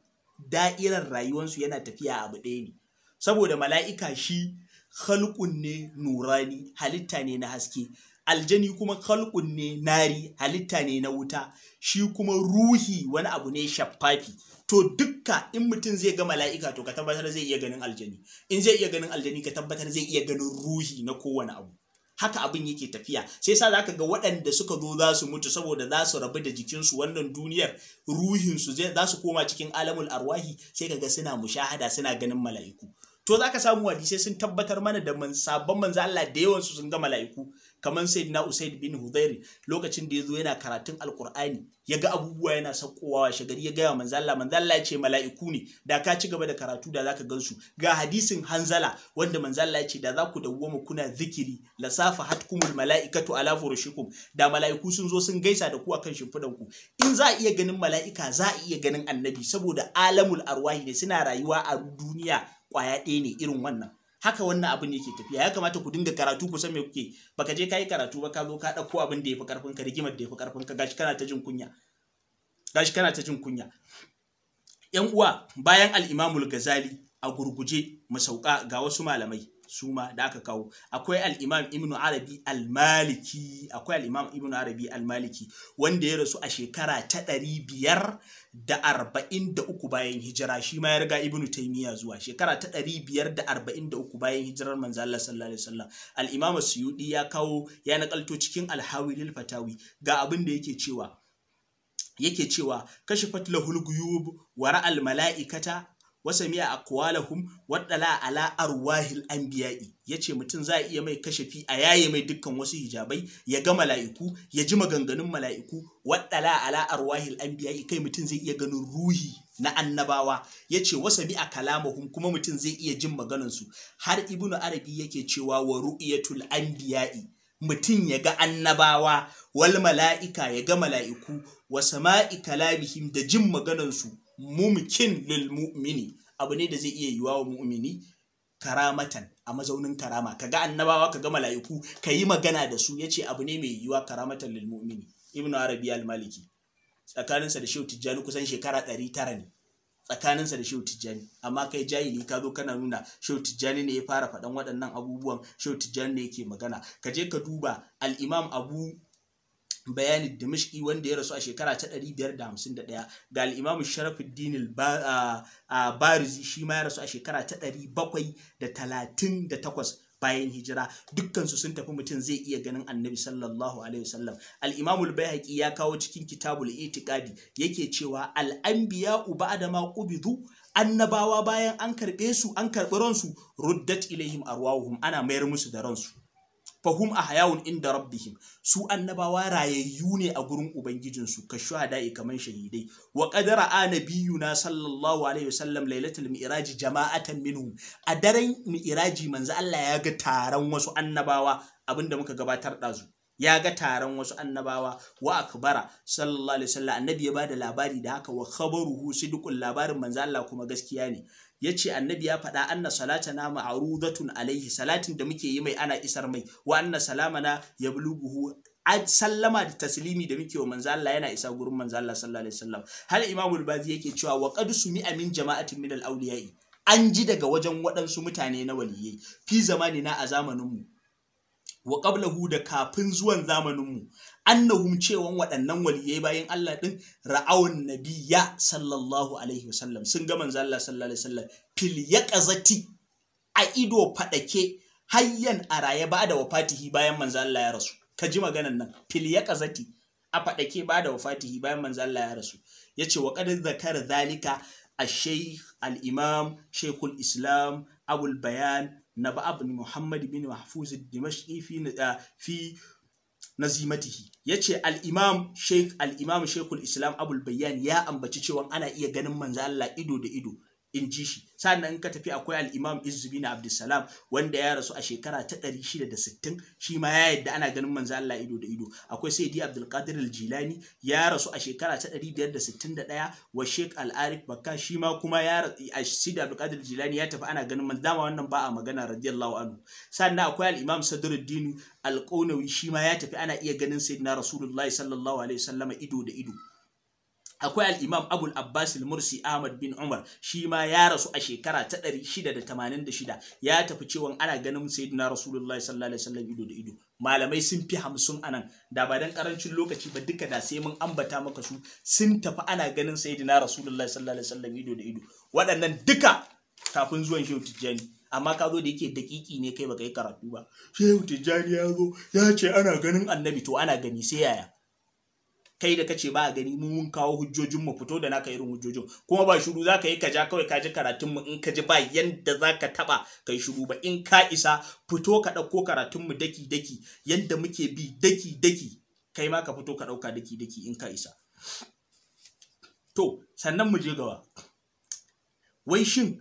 da'irar rayuwarsu yana tafiya abu ɗaya ne saboda mala'ika shi khalqun ne nurani halitta ne na haske aljani kuma khalqun ne nari halitta ne na wuta shi kuma ruhi wani abu ne shaffafi to dukka in mutum zai ga mala'ika to ka tabbatar zai iya ganin aljani in zai iya ganin aljani ka tabbatar zai iya ganin ruhi na kowane abu haka abin yake tafiya sai sa ka ga waɗanda suka zo za su mutu saboda za su rabu da jikinsu wannan duniyar ruhinsu za su koma cikin alamul arwahi sai ka ga suna mushahada suna ganin mala'iku to zaka samu wadi sai sun tabbatar mana da sabon manzo Allah da yawan su sun ga mala'iku kamar na usaid bin Huzairi, lokacin da ya zo yana karatun alkur'ani ya ga abubuwa yana sakowa shagari ya gaya manzo Allah ya ce mala'iku ne da ka ci gaba da karatu da zaka gansu ga hadisin hanzala wanda manzo ya ce da za ku mu kuna zikiri la safa hatkumul mala'ikatu ala furushikum da mala'iku sun zo sun gaisa da ku akan shimfidan ku in za a iya ganin mala'ika za a iya ganin annabi saboda alamul arwahi ne suna rayuwa a duniya kwaya ɗaya ne irin wannan haka wannan abin yake tafiya ya kamata ku dinga karatu ku san me kuke baka je kai karatu ba ka zo ka dauko abin da yafi karfin ka rigimar da yafi karfin ka gashi kana ta jin kunya gashi kana ta jin kunya yan uwa bayan al-Imamul Ghazali a gurguje mu sauka ga wasu malamai Suma da aka kawo akwai al'imam ibn arabi al-maliki akwai alimam ibn arabi al-maliki wanda ya rasu a shekara ta ɗari biyar da arba'in da uku bayan hijira shi ma ya riga ibn taimiyya zuwa shekara ta ɗari biyar da arba'in da uku bayan hijirar manzo Allah sallallahu alaihi wasallam al-imam ya kawo ya nakalto cikin al fatawi ga abin da yake cewa yake cewa kashifat lahul guyub mala'ikata a aqwalahum waɗala ala arwahil anbiya'i ce mutum za iya mai kashe fi a yaye mai dukkan wasu hijabai ya ga mala'iku ya ji maganganun mala'iku waɗala ala arwahil anbiya'i kai mutum zai iya ganin ruhi na annabawa ya ce yace a kalamahum kuma mutum zai iya jin maganansu har ibnu arabi yake cewa wa ru'yatul anbiya'i mutum ya ga annabawa wal mala'ika ya ga mala'iku wa sama'i kalamihim da jin maganansu mumkin lil abu ne da zai iya yiwa wa mu'mini karamatan a mazaunin karama Ka ga annabawa ka kaga mala'iku ka yi magana da su yace abu ne mai yiwa karamatan lil mu'mini ibn arabi al maliki tsakaninsa da shehu tijjani kusan shekara ɗari tara ne tsakaninsa da shehu tijjani amma kai jahili ka zo kana nuna shehu tijjani ne ya fara faɗan waɗannan abubuwan shehu tijjani ne yake magana ka je ka duba al-imam abu bayani dimishki wanda ya rasu a shekara ta 551 ga al'imamu sharafuddin al-barizi shi ma ya rasu a shekara ta 738 bayan hijira dukkansu sun tafi mutum zai iya ganin annabi sallallahu alaihi wasallam al'imamu ya kawo cikin kitabul itiqadi yake cewa al'anbiya uba ba'da ma qubidu annabawa bayan an karbe su an karbi ransu ruddat ilaihim arwahum ana mayar musu da ransu fahum a hayawun inda rabbihim su annabawa rayayyu ne a gurin ubangijinsu ka shuhada'i kamar shahidai wa qadara anabiyuna sallallahu alaihi wasallam lailatul mi'iraji jama'atan minhum a daren mi'raji manzo Allah ya ga taron wasu annabawa abinda muka gabatar dazu ya ga taron wasu annabawa wa akbara sallallahu alaihi wasallam annabi ya bada labari da haka wa khabaruhu sidqul labarin manzo Allah kuma gaskiya ne ya ce annabi ya faɗa anna salatana ma'rudatun alaihi salatin da muke yi mai ana isar mai wa anna salamana yablughu sallama da taslimi da muke wa manzo Allah yana isa gurin manzo Allah sallallahu alaihi wasallam har imamul bazi yake cewa wa qad sumi amin jama'atin min al-awliya'i an ji daga wajen waɗansu mutane na waliyai fi zamani na a zamaninmu wa qablahu da kafin zuwan zamaninmu annahum cewan waɗannan waliyai bayan Allah ɗin ra'awun nabiya sallallahu alaihi wasallam sun ga manzo Allah sallallahu alaihi wasallam fil yaqazati a ido fadake hayyan a raye ba da wafatihi bayan manzo Allah ya rasu ka ji maganan nan fil yaqazati a fadake ba da wafatihi bayan manzo Allah ya rasu yace wa qad zakara zalika الشيخ الإمام شيخ الإسلام أبو البيان نبأ بن محمد بن محفوظ الدمشقي في في nazimatihi yace al-imam sheikh al-imam sheikhul islam abul bayyan ya ambaci cewa ana iya ganin manzo Allah ido da ido in ji shi sannan in ka tafi akwai alimam izubi na abdussalam wanda ya rasu a shekara ta 660 shi ma ya yadda ana ganin manzo Allah ido da ido akwai sayyidi abdul al ya rasu a shekara ta 561 wa sheik al-arif bakka shi ma kuma ya sayyidi da qadir al ya tafi ana ganin manzo dama wannan ba a magana radiyallahu anhu sannan akwai alimam sadruddin al-qunawi shi ya tafi ana iya ganin sayyidina rasulullahi sallallahu alaihi wasallama ido da ido akwai al'imam abul abbas mursi ahmad bin umar shi ma ya rasu a shekara ta 686 ya tafi cewa ana ganin sayyidina rasulullahi sallallahu alaihi wasallam ido da ido malamai sun fi hamsin anan da ba dan karancin lokaci ba duka da sai mun ambata maka su sun tafi ana ganin sayyidina rasulullahi sallallahu alaihi wasallam ido da ido waɗannan duka kafin zuwan shehu tijjani amma ka zo da yake dakiki ne kai baka yi karatu ba shehu tijjani ya zo ya ce ana ganin annabi to ana gani sai yaya kai da kace ba a gani mu mun kawo hujjojin mu fito da naka irin hujjojin kuma ba shiru zaka yi ka ja kawai ka ji karatun mu in ka ji ba yanda za ka taba kai shiru ba in ka isa fito ka dauko karatun mu daki daki yanda muke bi daki daki kai ma ka fito ka ɗauka daki daki in ka isa to sannan mu je gaba wai shin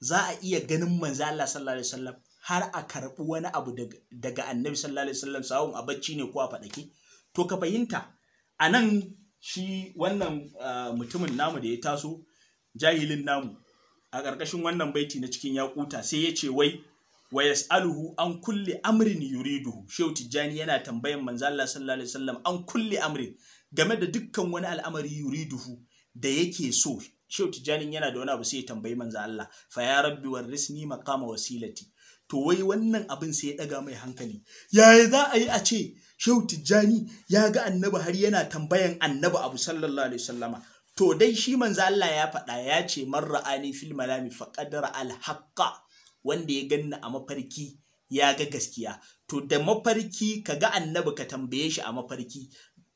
za a iya ganin manzo Allah sallallahu alaihi wasallam har a karɓi wani abu daga annabi sallallahu alaihi wasallam sawun a bacci ne ko a faɗake to ka fahimta a nan shi wannan ah, mutumin namu da ya taso jahilin namu a ƙarƙashin wannan baiti na cikin yakuta sai ya ce wai wayas yas'aluhu an kulli amrin yuriduhu shehu tijjani yana tambayan manzo Allah sallallahu alaihi wasallam an kulli amrin game da dukkan wani al'amari yuriduhu da yake so shehu tijjani yana da wani abu sai ya tambayi manzo Allah fa ya rabbi warisni maqama wasilati to wai wannan abin sai ya daga mai hankali yaya za a yi a ce shehu tijjani ya ga annabi har yana tambayan annabi abu sallallahu alaihi wasallama to dai shi manzo Allah ya faɗa ya ce man ra'ani fil malami faqad ra'al haqqa wanda ya ganni a mafarki ya ga gaskiya to da mafarki ka ga annabi ka tambaye shi a mafarki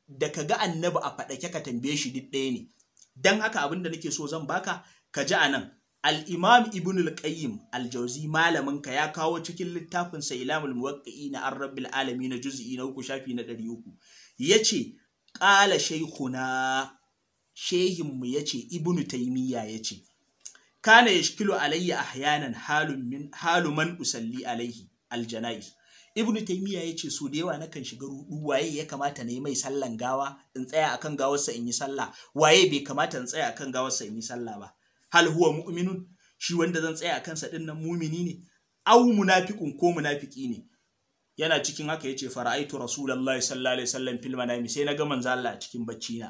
da ka ga annabi a faɗake ka tambaye shi duk ɗaya ne dan haka abin da nake so zan baka ka ji a nan. al-imam ibn al al malamin ka ya kawo cikin littafin sa ilamul muwaqqi'i na ar-rabbil alamin juz'i na uku shafi na 300 yace "ƙala shaykhuna shehin mu yace ibn taymiya yace kana yashkilu alayya ahyanan halun min haluman usalli alayhi al ibnu ibn taymiya yace so da yawa nakan shiga rudu waye ya kamata na yi mai sallan gawa in tsaya akan gawarsa in yi sallah waye bai kamata in tsaya akan gawarsa in yi sallah ba hal huwa mu'minun shi wanda zan tsaya kansa din nan mumini ne aw munafiqun ko munafiki ne yana cikin haka yace fara'aitu rasulullahi sallallahu alaihi wasallam fil manami sai naga manzo Allah a cikin bacci na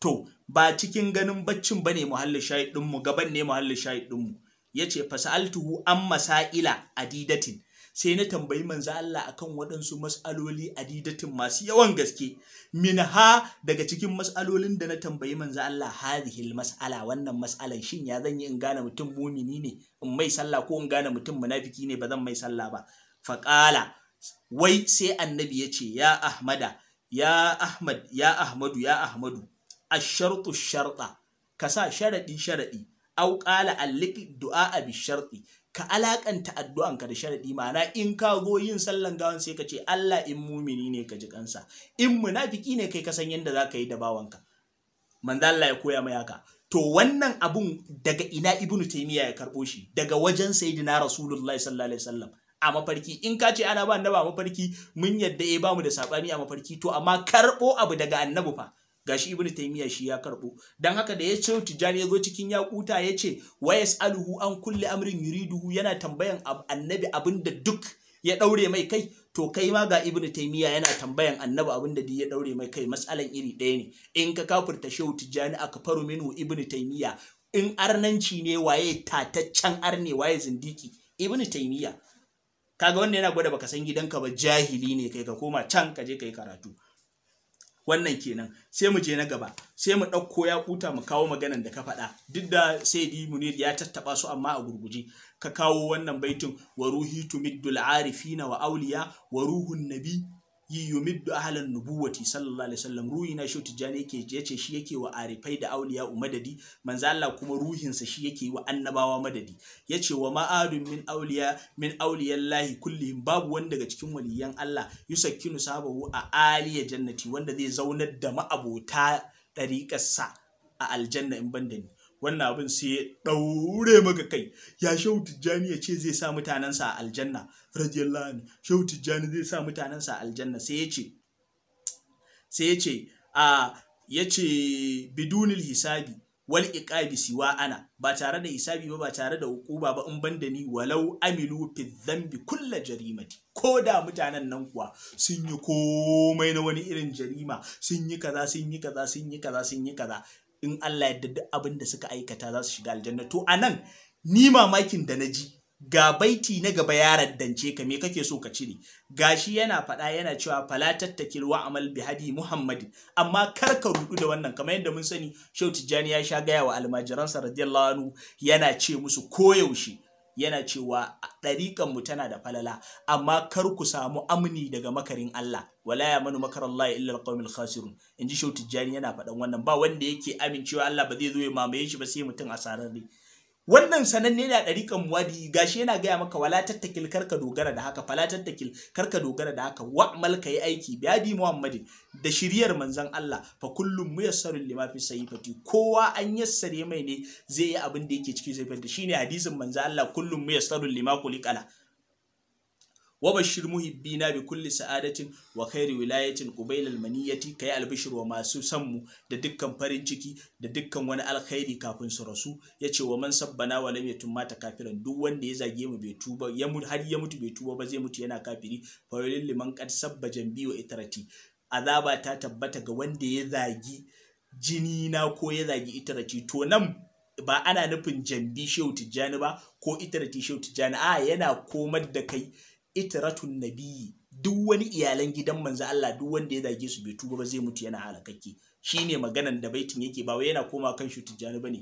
to ba cikin ganin baccin bane muhallin shahid din mu gaban ne muhallin shahid din mu yace fasaltuhu an masaila adidatin sai na tambayi manzo Allah akan waɗansu mas'aloli adidatin masu yawan gaske minha daga cikin mas'alolin da na tambayi manzo Allah hadhihi mas'ala wannan mas'alan shin ya zan yi in gane mutum mumini ne in mai sallah ko in gane mutum munafiki ne ba zan mai sallah ba faqala wai sai annabi ya ce ya ahmada ya ahmad ya ahmadu ya ahmadu ash-shartu sharta ka sa sharaɗi sharaɗi au ƙala alliki du'a bi sharti ka alakanta addu'anka da sharadi ma'ana in ka go yin sallan gawan sai ka ce Allah in mumini ne ka ji kansa in munafiki ne kai ka san yadda za ka yi da bawanka manzo Allah ya koya mai haka to wannan abun daga ina ibnu taymiya ya karbo shi daga wajen sayyidina rasulullahi sallallahu alaihi wasallam a mafarki in ka ce ana ba annaba a mafarki mun yadda eh bamu da sabani a mafarki to amma karbo abu daga annabi fa gashi ibnu taymiya shi ya karbo dan haka da ya ce tijani yazo cikin yakuta ya ce wa yasaluhu an kulli amrin yuriduhu yana tambayan annabi abinda duk ya daure mai kai to kai ma ga ibnu taymiya yana tambayan annabi abinda duk ya daure mai kai matsalan iri daya ne in ka kafirta shehu tijani aka faru minu ibnu taymiya in arnanci ne waye tataccen arne waye zindiki ibnu taymiya kaga wanda yana gwada baka san gidanka ba jahili ne kai ka koma can ka je kai karatu wannan kenan sai mu je na gaba sai mu ɗauko ya kuta mu kawo maganan da ka faɗa duk da sai di munir ya tattaɓa su amma a gurguje ka kawo wannan baitin wa ruhi tumiddul arifina wa auliya wa ruhun nabi yumiddu ahlan nubuwati sallallahu alaihi wasallam ruhi na shi tijani yake yace shi yake wa arifai da auliya madadi manzo Allah kuma ruhinsa shi yake wa annabawa madadi yace wa ma'adun min auliya min auliyallahi kullihim babu wanda daga cikin waliyan Allah yusakkinu sabahu a aliya jannati wanda zai zaunar da ma'abota ɗariƙarsa a aljanna in ban da ni wannan abin sai ya ɗaure maka kai ya shi tijjani ya ce zai sa mutanensa a aljanna radiyallahu shehu tijjani zai sa mutanensa aljanna sai ya ce sai ya ce a ya ce bidunil hisabi wal iqabi siwa ana ba tare da hisabi ba ba tare da hukuba ba in banda ni walau amilu fi dhanbi kulla jarimati ko da mutanen nan kuwa sun yi komai na wani irin jarima sun yi kaza sun yi kaza sun yi kaza sun yi kaza in Allah ya duk abin da suka aikata za su shiga aljanna to anan ni mamakin da na ji ga baiti na gaba ya raddance ka me kake so ka cire gashi yana faɗa yana cewa fala tattakil wa amal bi hadi muhammad amma kar ka rudu da wannan kamar yadda mun sani shau tijani ya sha gaya wa almajiransa radiyallahu anhu yana ce musu koyaushe yana cewa ɗariƙan mu tana da falala amma kar ku samu amni daga makarin Allah wala ya manu makar Allah illa alqawmil khasirun inji shau tijani yana faɗan wannan ba wanda yake amincewa Allah ba zai zo ya mamaye shi ba sai mutum asararre wannan sananne yana a ɗariƙan muwadi gashi yana gaya maka wala tattakil karka dogara da haka fala tattakil karka dogara da haka Wa wa'mal yi aiki bi muhammadin da shiriyar manzon Allah fa kullum muyassarul lima fi sayfati kowa an yassare mai ne zai yi abin da yake cikin sayfati shine hadisin manzon Allah kullum muyassarul lima Kala. wa bashir muhibbina bi kulli sa'adatin wa khairi wilayatin qubayl al maniyati kai albishir wa masu sanmu da dukkan farin ciki da dukkan wani alkhairi kafin su rasu yace wa man sabbana wa lam yatum mata kafiran duk wanda ya zage mu bai tuba ya har ya mutu bai tuba ba zai mutu yana kafiri fa liman qad sabba jambi wa itrati azaba ta tabbata ga wanda ya zagi jini na ko ya zagi itrati to nan ba ana nufin jambi shehu tijjani ba ko itrati shehu tijjani a yana komar da kai اتره النبي duk wani iyalan gidan manzo Allah duk wanda ya zage su bai tuba ba zai mutu yana halakakke shine maganan da baitin yake ba wai yana koma kan shi tijjani bane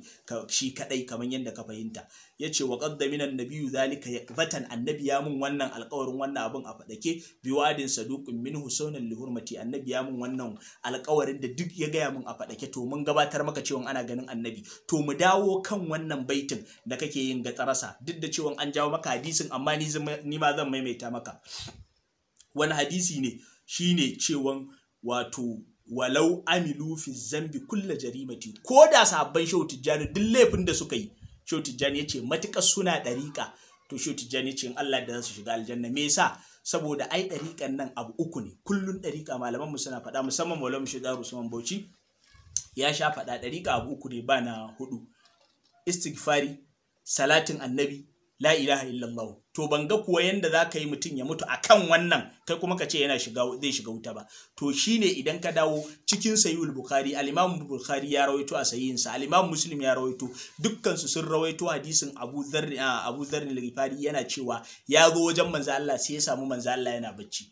shi kadai kamar yadda ka fahimta yace wa qadda minan nabiyyu zalika yaqbatan annabi ya mun wannan alƙawarin wannan abun a fadake biwadin saduqin min husunan li hurmati annabi ya mun wannan alƙawarin da duk ya gaya mun a fadake to mun gabatar maka cewa ana ganin annabi to mu dawo kan wannan baitin da kake yin gatsarasa duk da cewa an jawo maka hadisin amma ni ma zan maimaita maka wani hadisi ne shine cewan wato walau amilu fi zambi kulla jarimati ko da sabon shehu tijjani duk laifin da suka yi shehu tijjani ya ce matuƙar suna ɗariƙa to shehu tijjani ya ce in Allah da za su shiga aljanna me yasa saboda ai ɗariƙan nan abu uku ne kullun ɗariƙa malaman mu suna faɗa musamman walau shi daru suman bauchi ya sha faɗa ɗariƙa abu uku ne ba na hudu istighfari salatin annabi la ilaha illallah to ban ga kuwa yanda za ka yi mutum ya mutu akan wannan kai kuma ka ce yana shiga zai shiga wuta ba to shine idan ka dawo cikin sayyul bukhari al-imam bukhari ya rawaito a sayyin sa al-imam muslim ya rawaito dukkan su sun rawaito hadisin abu dharr abu dharr al-ghifari yana cewa ya zo wajen manzo Allah sai ya samu manzo Allah yana bacci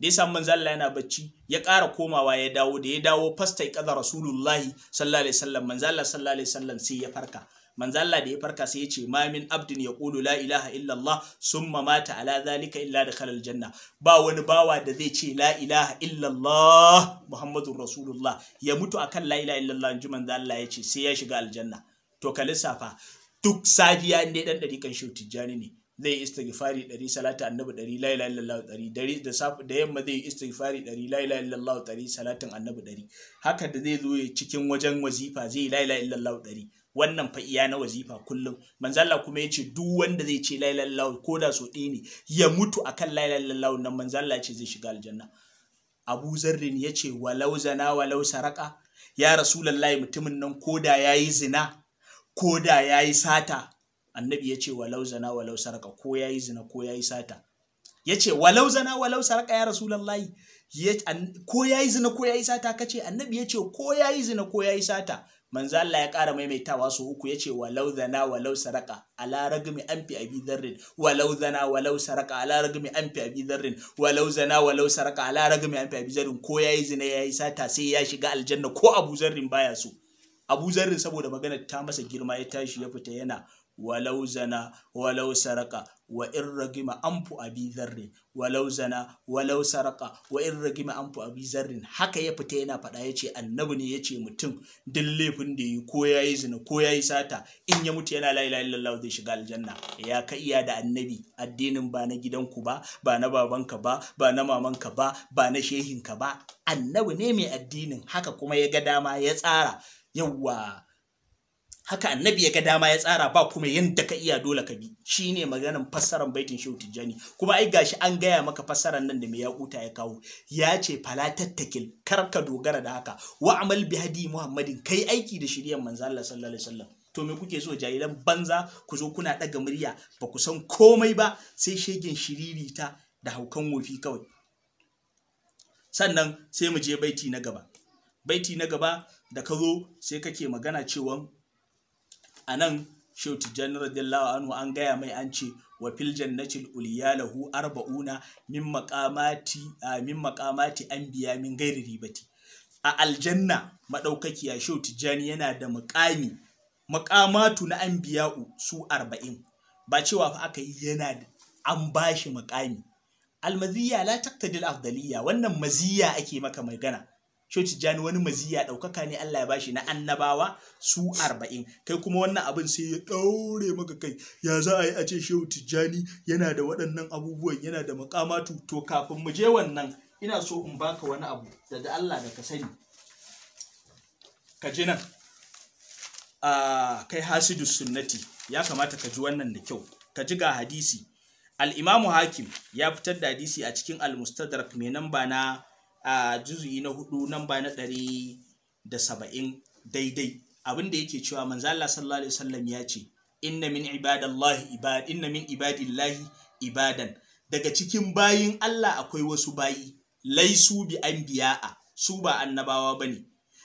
da ya samu manzo Allah yana bacci ya ƙara komawa ya dawo da ya dawo fasta qadara rasulullahi sallallahu alaihi wasallam manzo Allah sallallahu alaihi wasallam sai ya farka manzo Allah da ya farka sai ya ce ma min abdin kulu la ilaha illa Allah summa mata ala zalika illa dakhala aljanna ba wani bawa da zai ce la ilaha illa Allah muhammadur rasulullah ya mutu akan la ilaha illa Allah inji manzo Allah ya ce sai ya shiga aljanna to ka lissafa duk safiya inda dan dari kan shi tijjani ne zai istighfari dari salatu annabi dari la ilaha illallah ɗari dari da safi da yamma zai istighfari dari la ilaha illallah dari salatin annabi dari haka da zai zo cikin wajen wazifa zai la ilaha illallah dari. wannan fa iya na wazifa kullum Manzala kuma kuma ce duk wanda zai ce lailan ilaha ko da so ɗaya ne ya mutu a kan lailan illallah nan manzo ya ce zai shiga aljanna Abu Zarrin ce walau zana walau saraka ya lallai mutumin nan ko da ya yi zina ko da ya yi sata annabi ya ce walau zana walau saraka ko ya yi zina ko ya yi sata Ya ce walau zana walau saraka ya lallai ko ya yi zina ko ya yi sata kace annabi ya ce ko ya yi zina ko ya yi sata manzo Allah ya ƙara maimaitawa su uku yace walau zana walau saraka ala ragmi anfi abi dharrin walau zana walau saraka ala ragmi anfi abi dharrin walau zana walau saraka ala ragmi anfi abi dharrin ko yayi zina yayi sata sai ya shiga aljanna ko Abu Zarrin baya so Abu Zarrin saboda magana ta masa girma ya tashi ya fita yana walau zana walau saraka wa in ragima fu abi zarrin walau zana walau saraka wa in ragima fu abi zarrin haka ya fita yana faɗa ya ce annabi ne ya ce mutum duk laifin da yi ko ya yi zina ko ya yi sata in ya mutu yana layi illallah zai shiga aljanna ya ka iya da annabi addinin ba na gidanku ba ba na babanka ba ba na mamanka ba ba na shehinka ba annabi ne mai addinin haka kuma ya ga dama ya tsara yawwa haka annabi ya ga dama ya tsara ba kuma yadda ka iya dole ka bi shi ne maganan fassarar baitin shehu tijjani kuma ai gashi an gaya maka fassarar nan da mai yakuta ya kawo ya ce fala tattakil kar ka dogara da haka wa amal bi hadi muhammadin kai aiki da shiryan manzo Allah sallallahu alaihi wasallam to me kuke so jahilan banza ku zo kuna daga murya ba ku san komai ba sai shegen shiririta da haukan wofi kawai sannan sai mu je baiti na gaba baiti na gaba da ka zo sai kake magana cewa a nan shehu tijjani radiyallahu an gaya mai an ce wa fil jannatil uliya lahu arba'una min maqamati min maqamati anbiya min gairi ribati a aljanna maɗaukakiya shehu tijjani yana da maqami maqamatu na anbiya'u su arba'in ba cewa fa aka yi yana da an bashi maqami almaziya la taqtadil afdaliya wannan maziya ake maka magana coci jani wani maziya ɗaukaka ne Allah ya bashi na annabawa su arba'in kai kuma wannan abin sai ya ɗaure maka kai ya za a yi a ce shehu tijjani yana da waɗannan abubuwan yana da makamatu to kafin mu je wannan ina so in baka wani abu da da Allah da ka sani ka ji nan kai hasidus sunnati ya kamata ka ji wannan da kyau ka ji ga hadisi al-imamu hakim ya fitar da hadisi a cikin al-mustadrak mai namba na a juzu'i na hudu namba na ɗari da saba'in daidai Abinda yake cewa manzo Allah sallallahu alaihi wasallam ya ce inna min ibadallahi ibad inna min ibadillahi ibadan daga cikin bayin Allah akwai wasu bayi laisu bi anbiya'a su ba annabawa bane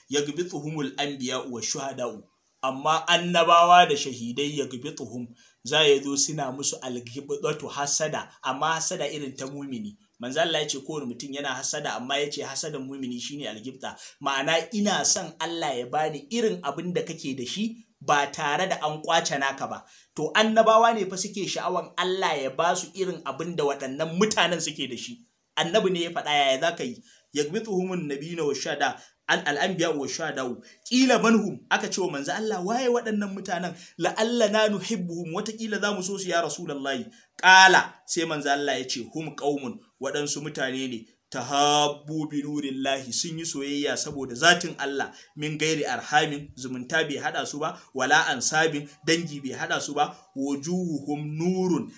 yagbituhumul anbiya'u wa shuhada'u amma annabawa da shahidai yagbituhum za ya zo suna musu algibdatu hasada amma hasada irin ta mumini manzo Allah ya ce kowane mutum yana hasada amma ya ce hasadan mumini shine algifta ma'ana ina son Allah ya bani irin abin da kake da shi ba tare da an kwace naka ba to annabawa ne fa suke sha'awan Allah ya ba su irin abin da waɗannan mutanen suke da shi annabi ne ya faɗa yaya za ka yi biyu nabiyina wa shada al'anbiya wa shadau ƙila manhum aka ce wa manzo Allah waye waɗannan mutanen la'alla na nuhibbuhum wataƙila za mu so su ya rasulullahi ƙala sai manzo Allah ya ce hum qaumun waɗansu mutane ne habu bi nurillahi sun yi soyayya saboda zatin Allah min gairi arhamin zumunta bai hada su ba wala ansabin dangi bai hada su ba wujuhuhum nurun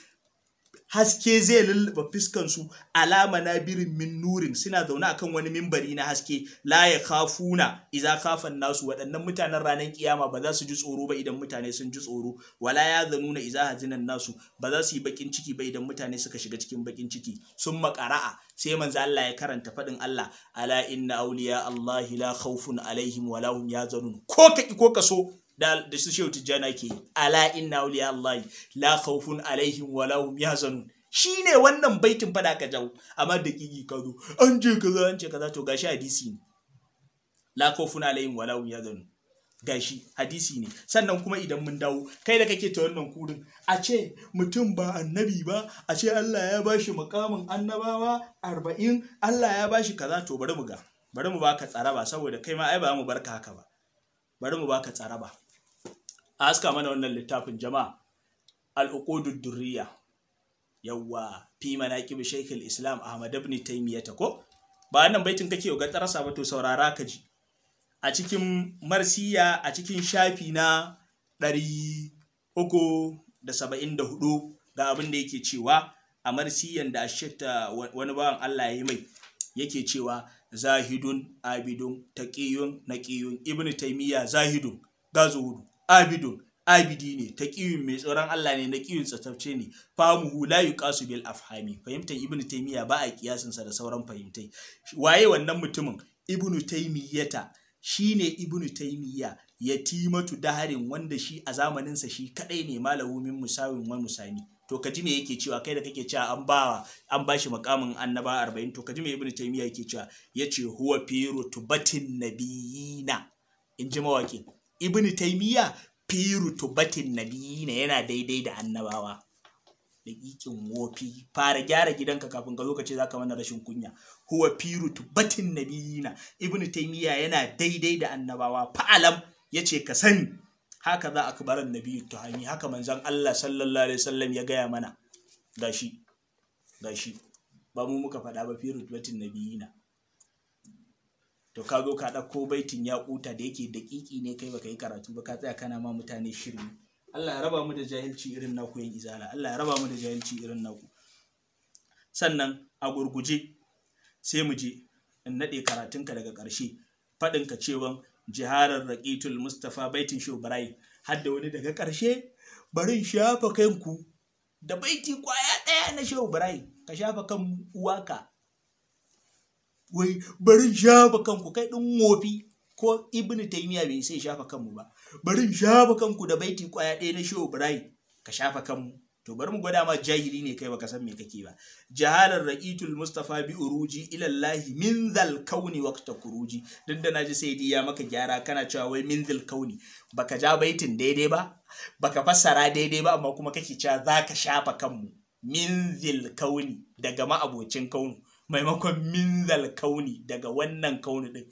haske zai fuskan su alama na birin min nurin suna zaune akan wani mimbari na haske la ya kafuna iza kafan nasu waɗannan mutanen ranar kiyama ba za su ji tsoro ba idan mutane sun ji tsoro wala ya zanuna iza hazinan nasu ba za su yi bakin ciki ba idan mutane suka shiga cikin bakin ciki sun makara'a sai manzo Allah ya karanta faɗin Allah ala inna awliya Allah la khawfun alaihim wala hum yazanun ko ka ko ka da su shehu tijjana ke ala inna wuli Allah la khawfun alaihim wa lahum yahzanun ne wannan baitin fada ka jawo amma da kiki ka zo an je kaza an ce kaza to gashi hadisi ne la khawfun alaihim wa lahum yahzanun gashi hadisi ne sannan kuma idan mun dawo kai da kake ta wannan kurin a ce mutum ba annabi ba a ce Allah ya bashi makamin annabawa arba'in Allah ya bashi kaza to bari mu ga bari mu baka ba. saboda kai ma ai ba mu barka haka ba bari mu baka ba. a haska mana wannan littafin jama'a al'uqudud durriya yawwa fi manaqib shaykh al-islam ahmad ibn taymiyyah ko ba wannan baitin kake ga tsarasa ba to saurara ka ji a cikin marsiya a cikin shafi na 374 ga abin da yake cewa a marsiyan da ashita wani bawan Allah ya yi mai yake cewa zahidun abidun taqiyun naqiyun ibnu taymiyyah zahidun gazuhudu abidun abidi ne ta taqiyun mai tsoron Allah ne na naqiyun tsaftace ne famuhu la yuqasu bil afhami fahimtar ibnu taymiya ba a kiyasin sa da sauran fahimtai waye wannan mutumin ibnu taymiyata shine ibnu taymiya da harin wanda shi a zamaninsa shi kadai ne malamin musawin wa musami to kaji me yake cewa kai da kake cewa an bawa an bashi makamin annaba 40 to ji me ibnu taymiya yake cewa yace huwa Fero, tubatin nabiyina in ji mawakin ibn taymiya fi rutubatin nabiyina yana daidai da annabawa da ikin wofi fara gyara gidanka kafin ka zo ka ce zaka mana rashin kunya huwa fi rutubatin nabiyina ibn taymiya yana daidai da annabawa fa'alam yace ka sani haka za a kabaran nabiyu tuhami haka manzon Allah sallallahu alaihi wasallam ya gaya mana gashi gashi ba mu muka faɗa ba fi rutubatin nabiyina to ka zo ka ɗauko baitin ya kuta da yake daƙiƙi ne kai baka yi karatu ba ka tsaya kana ma mutane shirme Allah ya raba mu da jahilci irin naku yan izala Allah ya raba mu da jahilci irin naku sannan a gurguje sai mu je in naɗe ka daga ƙarshe faɗinka cewan jiharar raƙitul mustapha baitin shubrai har da wani daga ƙarshe barin shafa kanku da baiti kwaya ɗaya na shubrai ka shafa kan uwaka wai bari shafa kanku kai ɗin wofi ko Ibn taimiyya bai sai shafa kanmu ba bari shafa kanku da baiti kwaya ɗaya na shehu ibrahim ka shafa kanmu to bari mu gwada ma jahili ne kai baka san me kake ba jahalar ra'itul mustafa bi uruji ila allah min zal kauni waqta kuruji dan da naji sai ya maka gyara kana cewa wai min zal kauni baka ja baitin daidai ba baka fassara daidai ba amma kuma kake cewa zaka shafa kanmu min zal kauni daga ma abocin kaunu maimakon minzal kauni daga wannan kauni din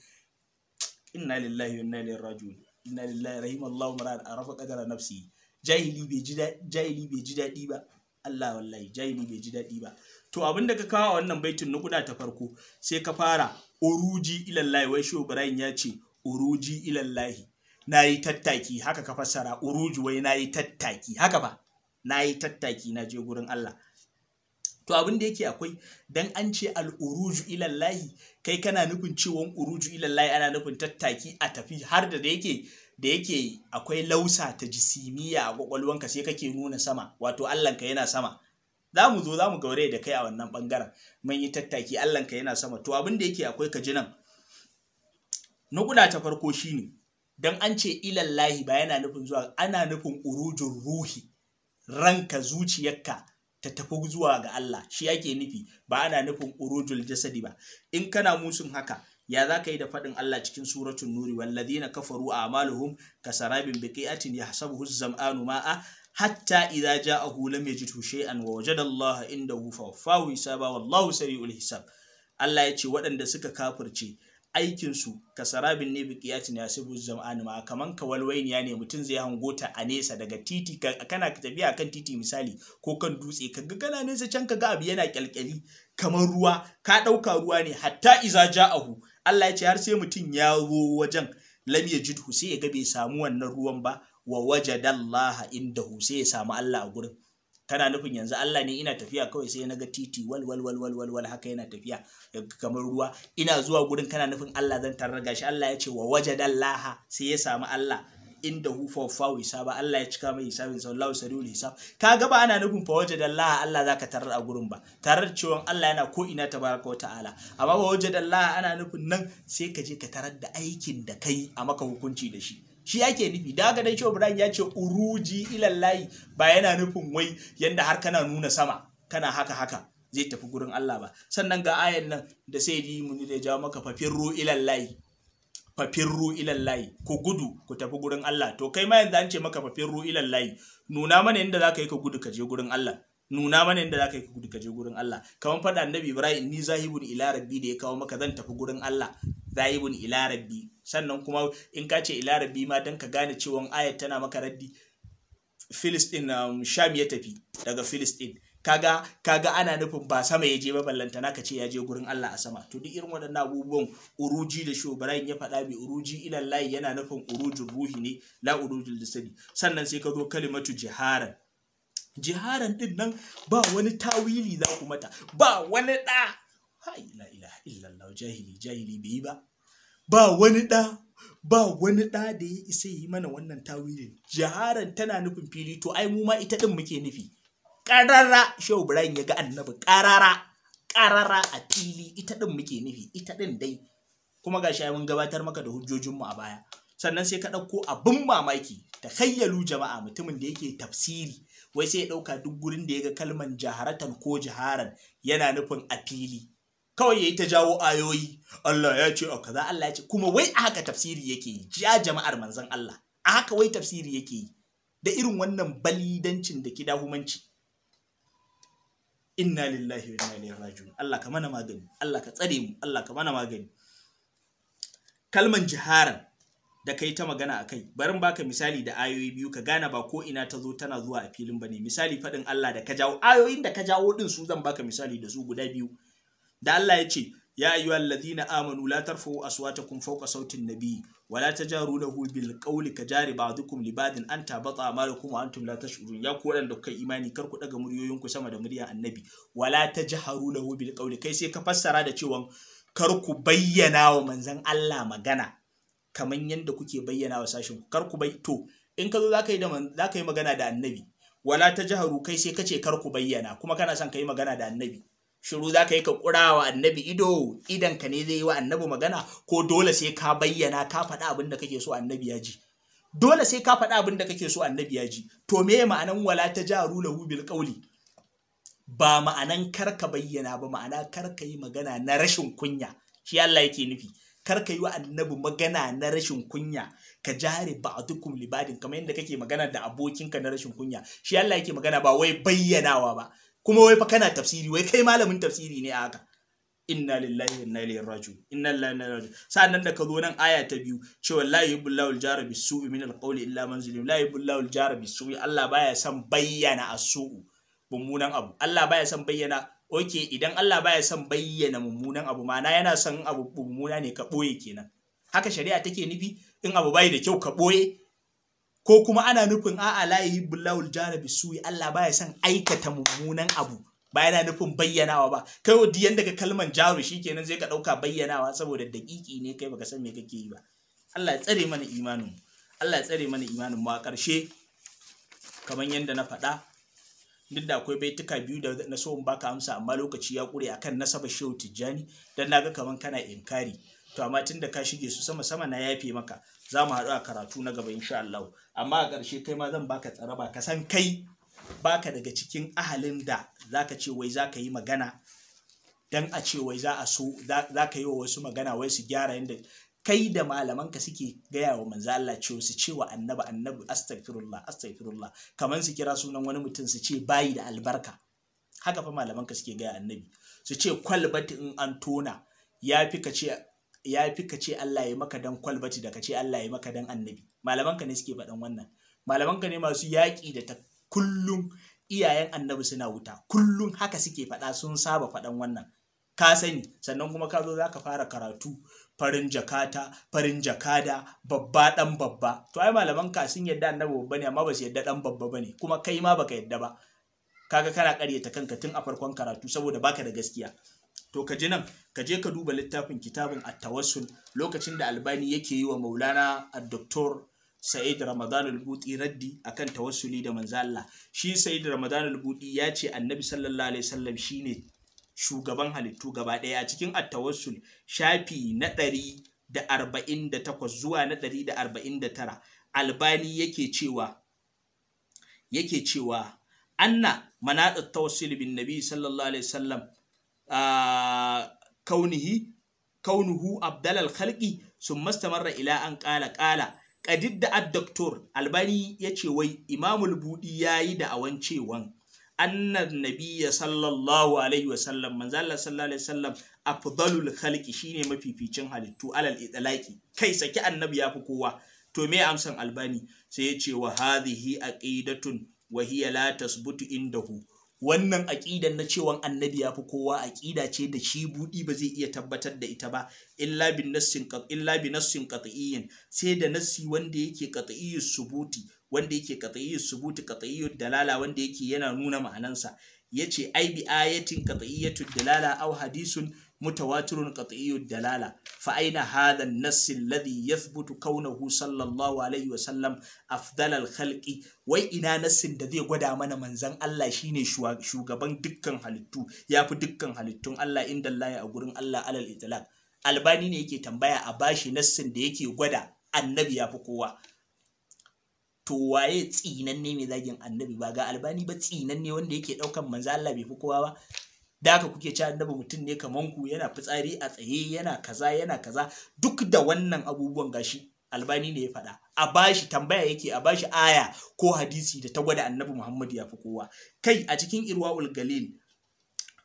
inna lillahi wa inna ilaihi raji'un inna lillahi rahim Allahu marad arafa qadara nafsi jahili bai ji jahili bai ji dadi ba Allah wallahi jahili bai ji dadi ba to abin da ka kawo wannan baitin nukuda ta farko sai ka fara uruji ilallahi wai shi Ibrahim ya ce uruji ilallahi nayi tattaki haka ka fassara uruji wai nayi tattaki haka ba nayi tattaki na je gurin Allah to abin da yake akwai dan an ce al'uruju ilallahi kai kana nufin cewon uruju ilallahi ana nufin tattaki a tafi har da da yake da yake akwai lausa ta jisimiya a kwakwalwanka sai kake nuna sama wato allanka yana sama za mu zo za mu gaure da kai a wannan bangaren mun yi tattaki allanka yana sama to abin da yake akwai ka jinan guda ta farko shine dan an ce ilallahi ba yana nufin zuwa ana nufin urujun ruhi ranka zuciyarka ta tafi zuwa ga Allah shi yake nufi ba ana nufin urujul jasadi ba in kana musun haka ya za ka yi da faɗin Allah cikin suratun nuri wallazina kafaru a'maluhum kasarabin biqi'atin yahsabuhu az-zam'anu ma'a hatta idza ja'ahu lam yajidhu shay'an wa wajada Allah indahu fa wafahu hisaba wallahu sari'ul hisab Allah ya ce waɗanda suka kafirce aikinsu ka sarabin ne ya sabu zam'ani ma kaman ka walwainiya ne mutum zai hango ta a nesa daga titi kana tafiya kan titi misali ko kan dutse ka ga gana nesa can ka ga abu yana kyalkyali kamar ruwa ka ɗauka ruwa ne hatta iza ja'ahu Allah ya ce har sai mutum ya zo wajen lam yajidhu sai ya ga bai samu wannan ruwan ba wa wajadallaha indahu sai ya samu Allah a gurin tana nufin yanzu Allah ne ina tafiya kawai sai na ga titi wal haka yana tafiya kamar ruwa ina zuwa gurin kana nufin Allah zan tarar gashi Allah ya ce wa laha sai ya samu Allah inda hu fawfawi saba Allah ya cika mai hisabin sallallahu sariul hisab kaga ba ana nufin fa laha Allah zaka tarar a gurin ba tarar ciwon Allah yana ko ina tabaraka ta'ala amma ba laha ana nufin nan sai ka je ka tarar da aikin da kai a maka hukunci da shi shi yake nufi da ga dan shi Ibrahim ya ce uruji ilallahi ba yana nufin wai yanda har kana nuna sama kana haka haka zai tafi gurin Allah ba sannan ga ayan nan da sai yi muni da jawo maka fafirru ilallahi fafirru ilallahi ku gudu ku tafi gurin Allah to kai ma yanzu an ce maka fafirru ilallahi nuna mana inda zaka yi ka gudu ka je gurin Allah nuna mana yadda zaka yi ka je gurin Allah kamar faɗa annabi Ibrahim ni zahibun ila rabbi da ya kawo maka zan tafi gurin Allah zahibun ila rabbi sannan kuma in ka ce ila rabbi ma dan ka gane cewa ayat tana maka raddi Filistin um, Sham ya tafi daga Filistin kaga kaga ana nufin ba sama ya je ba ballanta naka ce ya je gurin Allah a sama to duk irin waɗannan abubuwan uruji da shi ibrahim ya faɗa bi uruji ilallahi yana nufin urujin ruhi ne la urujul jasadi sannan sai ka zo kalimatu jiharan jiharan din nan ba wani tawili za ku mata ba wani ɗa illallah jahili jahili bai yi ba ba wani ɗa ba wani ɗa da ya isa yi mana wannan tawili jiharan tana nufin fili to ai mu ma ita din muke nufi ƙarara shehu ibrahim ya ga annabi ƙarara ƙarara a fili ita din muke nufi ita din dai kuma ga shi mun gabatar maka da mu a baya sannan sai ka ɗauko abin mamaki ta jama'a mutumin da yake tafsiri wai sai ya ɗauka duk gurin da ya ga kalman jaharatan ko jaharan yana nufin a fili kawai ya yi ta jawo ayoyi Allah ya ce a oh, kaza Allah ya ce kuma wai a haka tafsiri yake yi jiya jama'ar manzon Allah a haka wai tafsiri yake yi da irin wannan balidancin da dahumanci. inna lillahi wa inna ilaihi raji'un Allah ka mana magani Allah ka tsare mu Allah ka mana magani kalman jiharan da kai ta magana a kai barin baka misali da ayoyi biyu ka gane ba ko ina ta zo tana zuwa a filin ba ne misali faɗin Allah da ka jawo ayoyin da ka jawo din su zan baka misali da su guda biyu da Allah ya ce ya ayyuhal ladhina amanu la tarfa'u aswatakum fawqa sautin nabi wa la tajaru lahu bil qawli kajari ba'dukum li ba'din an tabata amalukum wa antum la tash'urun ya koran da kai imani kar ku daga muryoyinku sama da murya annabi wa la tajharu lahu bil qawli kai sai ka fassara da cewa kar ku bayyana wa manzan Allah magana kamar yadda kuke bayyana wa sashin kar ku bai to in ka zo za ka yi magana da annabi wala ta jaharu kai sai ka ce kar ku bayyana kuma kana son ka yi magana da annabi shiru za ka yi ka kura wa annabi ido idan ka ne zai yi wa annabi magana ko dole sai ka bayyana ka faɗa abin da kake so annabi ya ji dole sai ka faɗa abin da kake so annabi ya ji to me ma'anan wala ta jaru lahu bil qauli ba ma'anan kar ka bayyana ba ma'ana kar ka yi magana na rashin kunya shi Allah yake nufi kar ka yi wa annabi magana na rashin kunya ka jare dukkan libadin kamar yadda kake magana da abokinka na rashin kunya shi Allah yake magana ba wai bayyanawa ba kuma wai fa kana tafsiri wai kai malamin tafsiri ne a haka inna lillahi wa inna ilaihi raji'un inna lillahi wa inna ilaihi raji'un da ka zo nan aya ta biyu cewa la yubullahu aljara bisu'i min alqawli illa man zulim la yubullahu aljara bisu'i Allah baya son bayyana asu'u bummunan abu Allah baya son bayyana Ok idan Allah baya son bayyana mummunan abu mana yana son abu mummuna ne ka boye kenan haka shari'a take nufi in abu bai da kyau ka boye ko kuma ana nufin a'a la yuhibbullahu jara suyi. Allah baya son aikata mummunan abu ba yana nufin bayyanawa ba kai diyan daga kalman jaru shikenan zai ka dauka bayyanawa saboda dakiki ne kai baka san me kake yi ba Allah ya tsare mana imanin Allah ya tsare mana imanin mu a ƙarshe kamar yadda na faɗa duk da akwai baituka biyu da na so in baka amsa amma lokaci ya kure akan nasaba shehu tijjani dan naga kaman kana inkari to amma tunda ka shige su sama sama na yafe maka za mu haɗu a karatu na gaba insha Allah amma a ƙarshe kai ma zan baka tsaraba ka san kai baka daga cikin ahalin da zaka ce wai zaka yi magana dan a ce wai za a so za yi wa wasu magana wai su gyara yanda. kai da malamanka suke gaya wa manzo Allah cewa su wa annabi annabi astaghfirullah astaghfirullah kaman su kira sunan wani mutum su ce bayi da albarka haka fa malamanka suke gaya annabi su ce kwalbati in an tona ya fi ka ce ya fi ka ce Allah ya maka dan kwalbati da ka ce Allah ya maka dan annabi malamanka ne suke faɗan wannan malamanka ne masu yaƙi da ta kullum iyayen annabi suna wuta kullum haka suke faɗa sun saba faɗan wannan ka sani sannan kuma ka zo za ka fara karatu farin jakata farin jakada babba dan babba to ai malaman ka sun yadda annabi babba ne amma ba su yadda dan babba ba ne. kuma kai ma baka yadda ba kaga kana ta kanka tun a farkon karatu saboda baka da gaskiya to ka ji nan ka je ka duba littafin kitabin at-tawassul lokacin da albani yake yi wa maulana ad-doktor Sa'id Ramadan al-Buti raddi akan tawassuli da manzo shi Sa'id Ramadan al-Buti ya ce annabi sallallahu alaihi wasallam shine shugaban halittu gaba ɗaya a cikin attawassul shafi na ɗari da arba'in da takwas zuwa na ɗari da arba'in da tara albani yake cewa yake cewa anna manaɗa tawassul bin nabi sallallahu alaihi kaunihi kaunuhu abdalal khalqi sun mastamarra ila an ƙala ƙala kadidda ad-doktor albani ya ce wai imamul budi yayi da awan cewan annan nabiyya sallallahu alaihi wasallam manzo Allah sallallahu alaihi wasallam afdalul khalqi shine mafificin halittu alal itlaqi kai saki annabi yafi kowa to me amsan albani sai ya ce wa hadhihi aqidatun wa hiya la tasbutu indahu wannan aqidan na cewa annabi yafi kowa aqida ce da shi budi ba zai iya tabbatar da ita ba illa bin nassin illa bi nassin qat'iyyin sai da nassi wanda yake qat'iyyus subuti wanda yake qat'iyyu subuti qat'iyyu dalala wanda yake yana nuna ma'anansa yace ai bi ayatin qat'iyyatu dalala aw hadisun mutawatirun qat'iyyu dalala fa aina hadha an-nass alladhi yathbutu kaunahu sallallahu alaihi wa sallam afdal al-khalqi wai ina nassin da zai gwada mana manzon Allah shine shugaban dukkan halittu yafi dukkan halittun Allah inda Allah a gurin Allah alal itlaq albani ne yake tambaya a bashi nassin da yake gwada annabi yafi kowa to waye tsinanne mai zagin annabi ba ga albani ba tsinanne wanda yake daukan manzo Allah bai fi kowa ba da haka kuke ci annabi mutum ne kaman ku yana fitsari a tsaye yana kaza yana kaza duk da wannan abubuwan gashi albani ne ya faɗa a bashi tambaya yake a bashi aya ko hadisi da ta gwada annabi muhammad ya fi kowa kai a cikin irwaul galil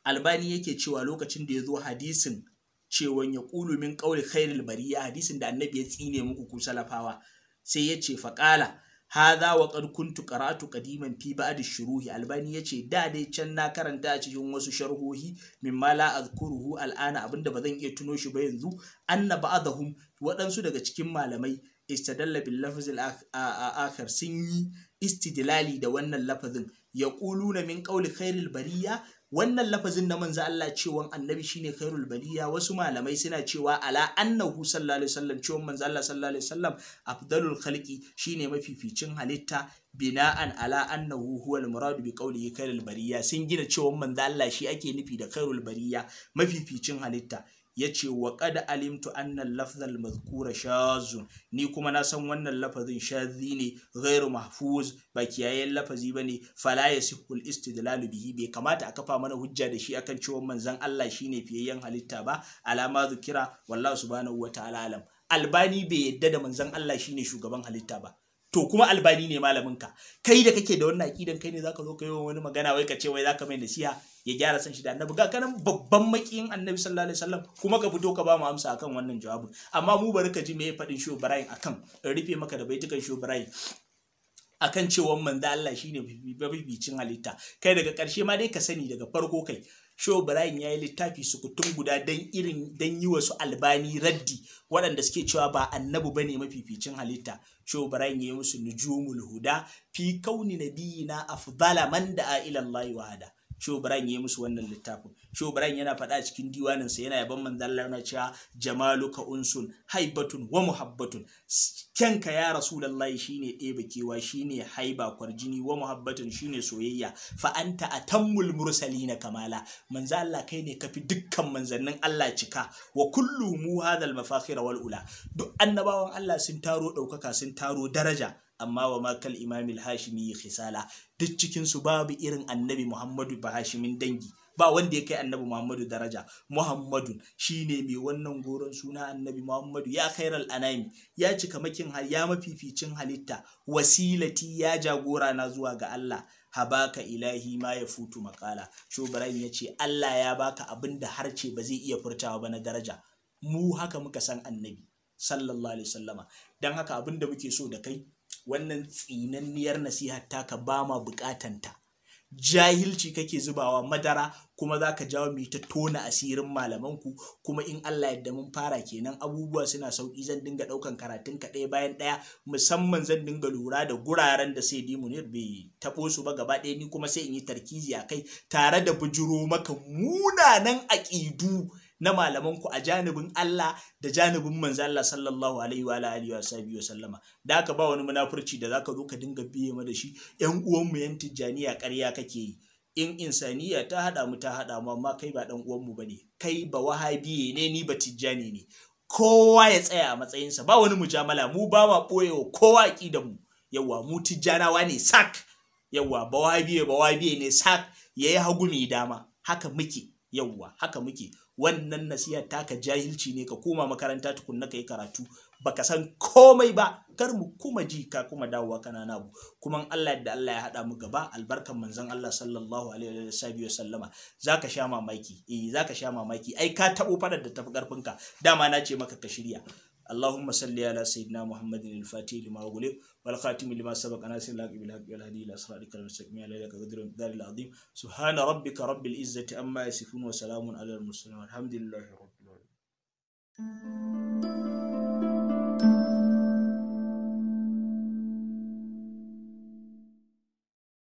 albani yake cewa lokacin da ya zo hadisin cewan ya ƙulu min kauli khairul bariya hadisin da annabi ya tsine muku ku salafawa sai ya ce faƙala hadha wa qad kuntu qara'tu qadiman fi ba'd shuruhi albani yace da dai can na karanta a cikin wasu sharhohi ma la azkuruhu al'ana abinda ba zan iya tuno shi ba yanzu anna ba'dahum waɗansu daga cikin malamai istadalla bil lafzi al akhar sun yi istidlali da wannan lafazin yaquluna min qawli khairil bariya wannan lafazin na manzo Allah cewan annabi shine khairul baliya wasu malamai suna cewa ala annahu sallallahu alaihi wasallam cewan manzo Allah sallallahu alaihi wasallam afdalul khalqi shine mafificin halitta bina'an ala annahu huwa al-muradu bi qawlihi khairul bariya sun gina cewan manzo Allah shi ake nufi da khairul bariya mafificin halitta yace ce wa alimtu annan lafzal mazkura shazu ni kuma na san wannan lafazin shazi ne ghairu mahfuz ba kiyayen lafazi ba bane fala yasihul istidlalu bihi bai kamata a kafa mana hujja da shi akan cewa manzon Allah shine fiyayyen halitta ba alama zukira wallahu subhanahu wata alam albani bai yadda da manzon Allah shi ne shugaban halitta ba to kuma albani ne malamin ka kai da kake da wannan aqidan kai ne zaka zo kai wani magana wai ka ce wai zaka mai nasiha ya gyara san shi da annabi ga kanan babban makiyin annabi sallallahu alaihi wasallam kuma ka fito ka ba mu amsa akan wannan jawabin amma mu bari ka ji me faɗin Shu Ibrahim akan in rufe maka da baitukan Shu Ibrahim akan cewa manzo Allah shine babibicin halitta kai daga karshe ma dai ka sani daga farko kai Sho Brian ya yi littafi sukutun guda don irin don yi wasu albani raddi waɗanda suke cewa ba annabi bane mafificin halitta Shehu ya yi musu nujumul huda fi kauni nabiyina afdala man da'a ila Allah wa Shehu ya ya musu wannan littafin. Shehu yana faɗa cikin diwaninsa yana yaban manzallar na cewa jamalu ka unsun haibatun wa muhabbatun. Kyanka ya rasulallahi shine ɗebe kewa shine haiba kwarjini wa muhabbatun shine soyayya fa anta atammul na kamala. Manza Allah kai ne kafi dukkan manzannin Allah cika wa kullu mu hadal mafakhira wal ula. Duk annabawan Allah sun taro ɗaukaka sun taro daraja amma wa makal imamil hashimi khisala duk cikin su babu irin annabi muhammadu ba hashimin dangi ba wanda ya kai annabi muhammadu daraja muhammadu shine mai wannan goron suna annabi muhammadu ya khairal anami ya cika makin ya mafificin halitta wasilati ya jagora na zuwa ga allah habaka ilahi ma ya futu makala shubaran ya ce allah ya baka abinda da harce ba zai iya furtawa ba na daraja mu haka muka san annabi sallallahu alaihi wasallama don haka abinda muke so da kai wannan tsinanniyar nasiha taka ba ma bukatanta jahilci kake zubawa madara kuma za ka jawo mai ta tona asirin malamanku kuma in Allah yadda mun fara kenan abubuwa suna sauki zan dinga ɗaukan karatun ka ɗaya bayan ɗaya musamman zan dinga lura da guraren da sai dimu ne bai taɓo su ba gaba ɗaya ni kuma sai in yi tarkizi a kai tare da bujiro maka munanan aƙidu na malaman ku a janibin Allah da janibin manzo Allah sallallahu alaihi wa alihi wa sahbihi wa sallama da aka ba wani munafurci da zaka zo ka dinga biye ma da shi yan uwan mu yan tijjaniya ƙarya kake yi in insaniya ta hada mu ta hada mu amma kai ba ɗan uwan mu bane kai ba wahabi ne ni ba tijjani ne kowa ya tsaya a matsayinsa ba wani mujamala mu ba ma ɓoyewa kowa a mu yawa mu tijjanawa ne sak yawa ba bawabiye ne sak yayi hagumi dama haka muke yawa haka muke wannan nasiha taka jahilci ne ka koma makaranta tukunna ka yi karatu ba ka san komai ba kar mu kuma ji ka kuma dawowa kana bu kuma Allah da Allah ya hada mu gaba albarkan manzon Allah sallallahu alaihi wa sallama zaka sha mamaki eh zaka sha mamaki ai ka tabo fadar da tafi karfinka dama na ce maka ka shirya اللهم صل على سيدنا محمد الفاتح لما أغلق والخاتم لما سبق ناصر الحق بالحق والهدي إلى أسرار لك المستقيم على لك قدر المقدار العظيم سبحان ربك رب العزة أما يصفون وسلام على المسلمين الحمد لله رب العالمين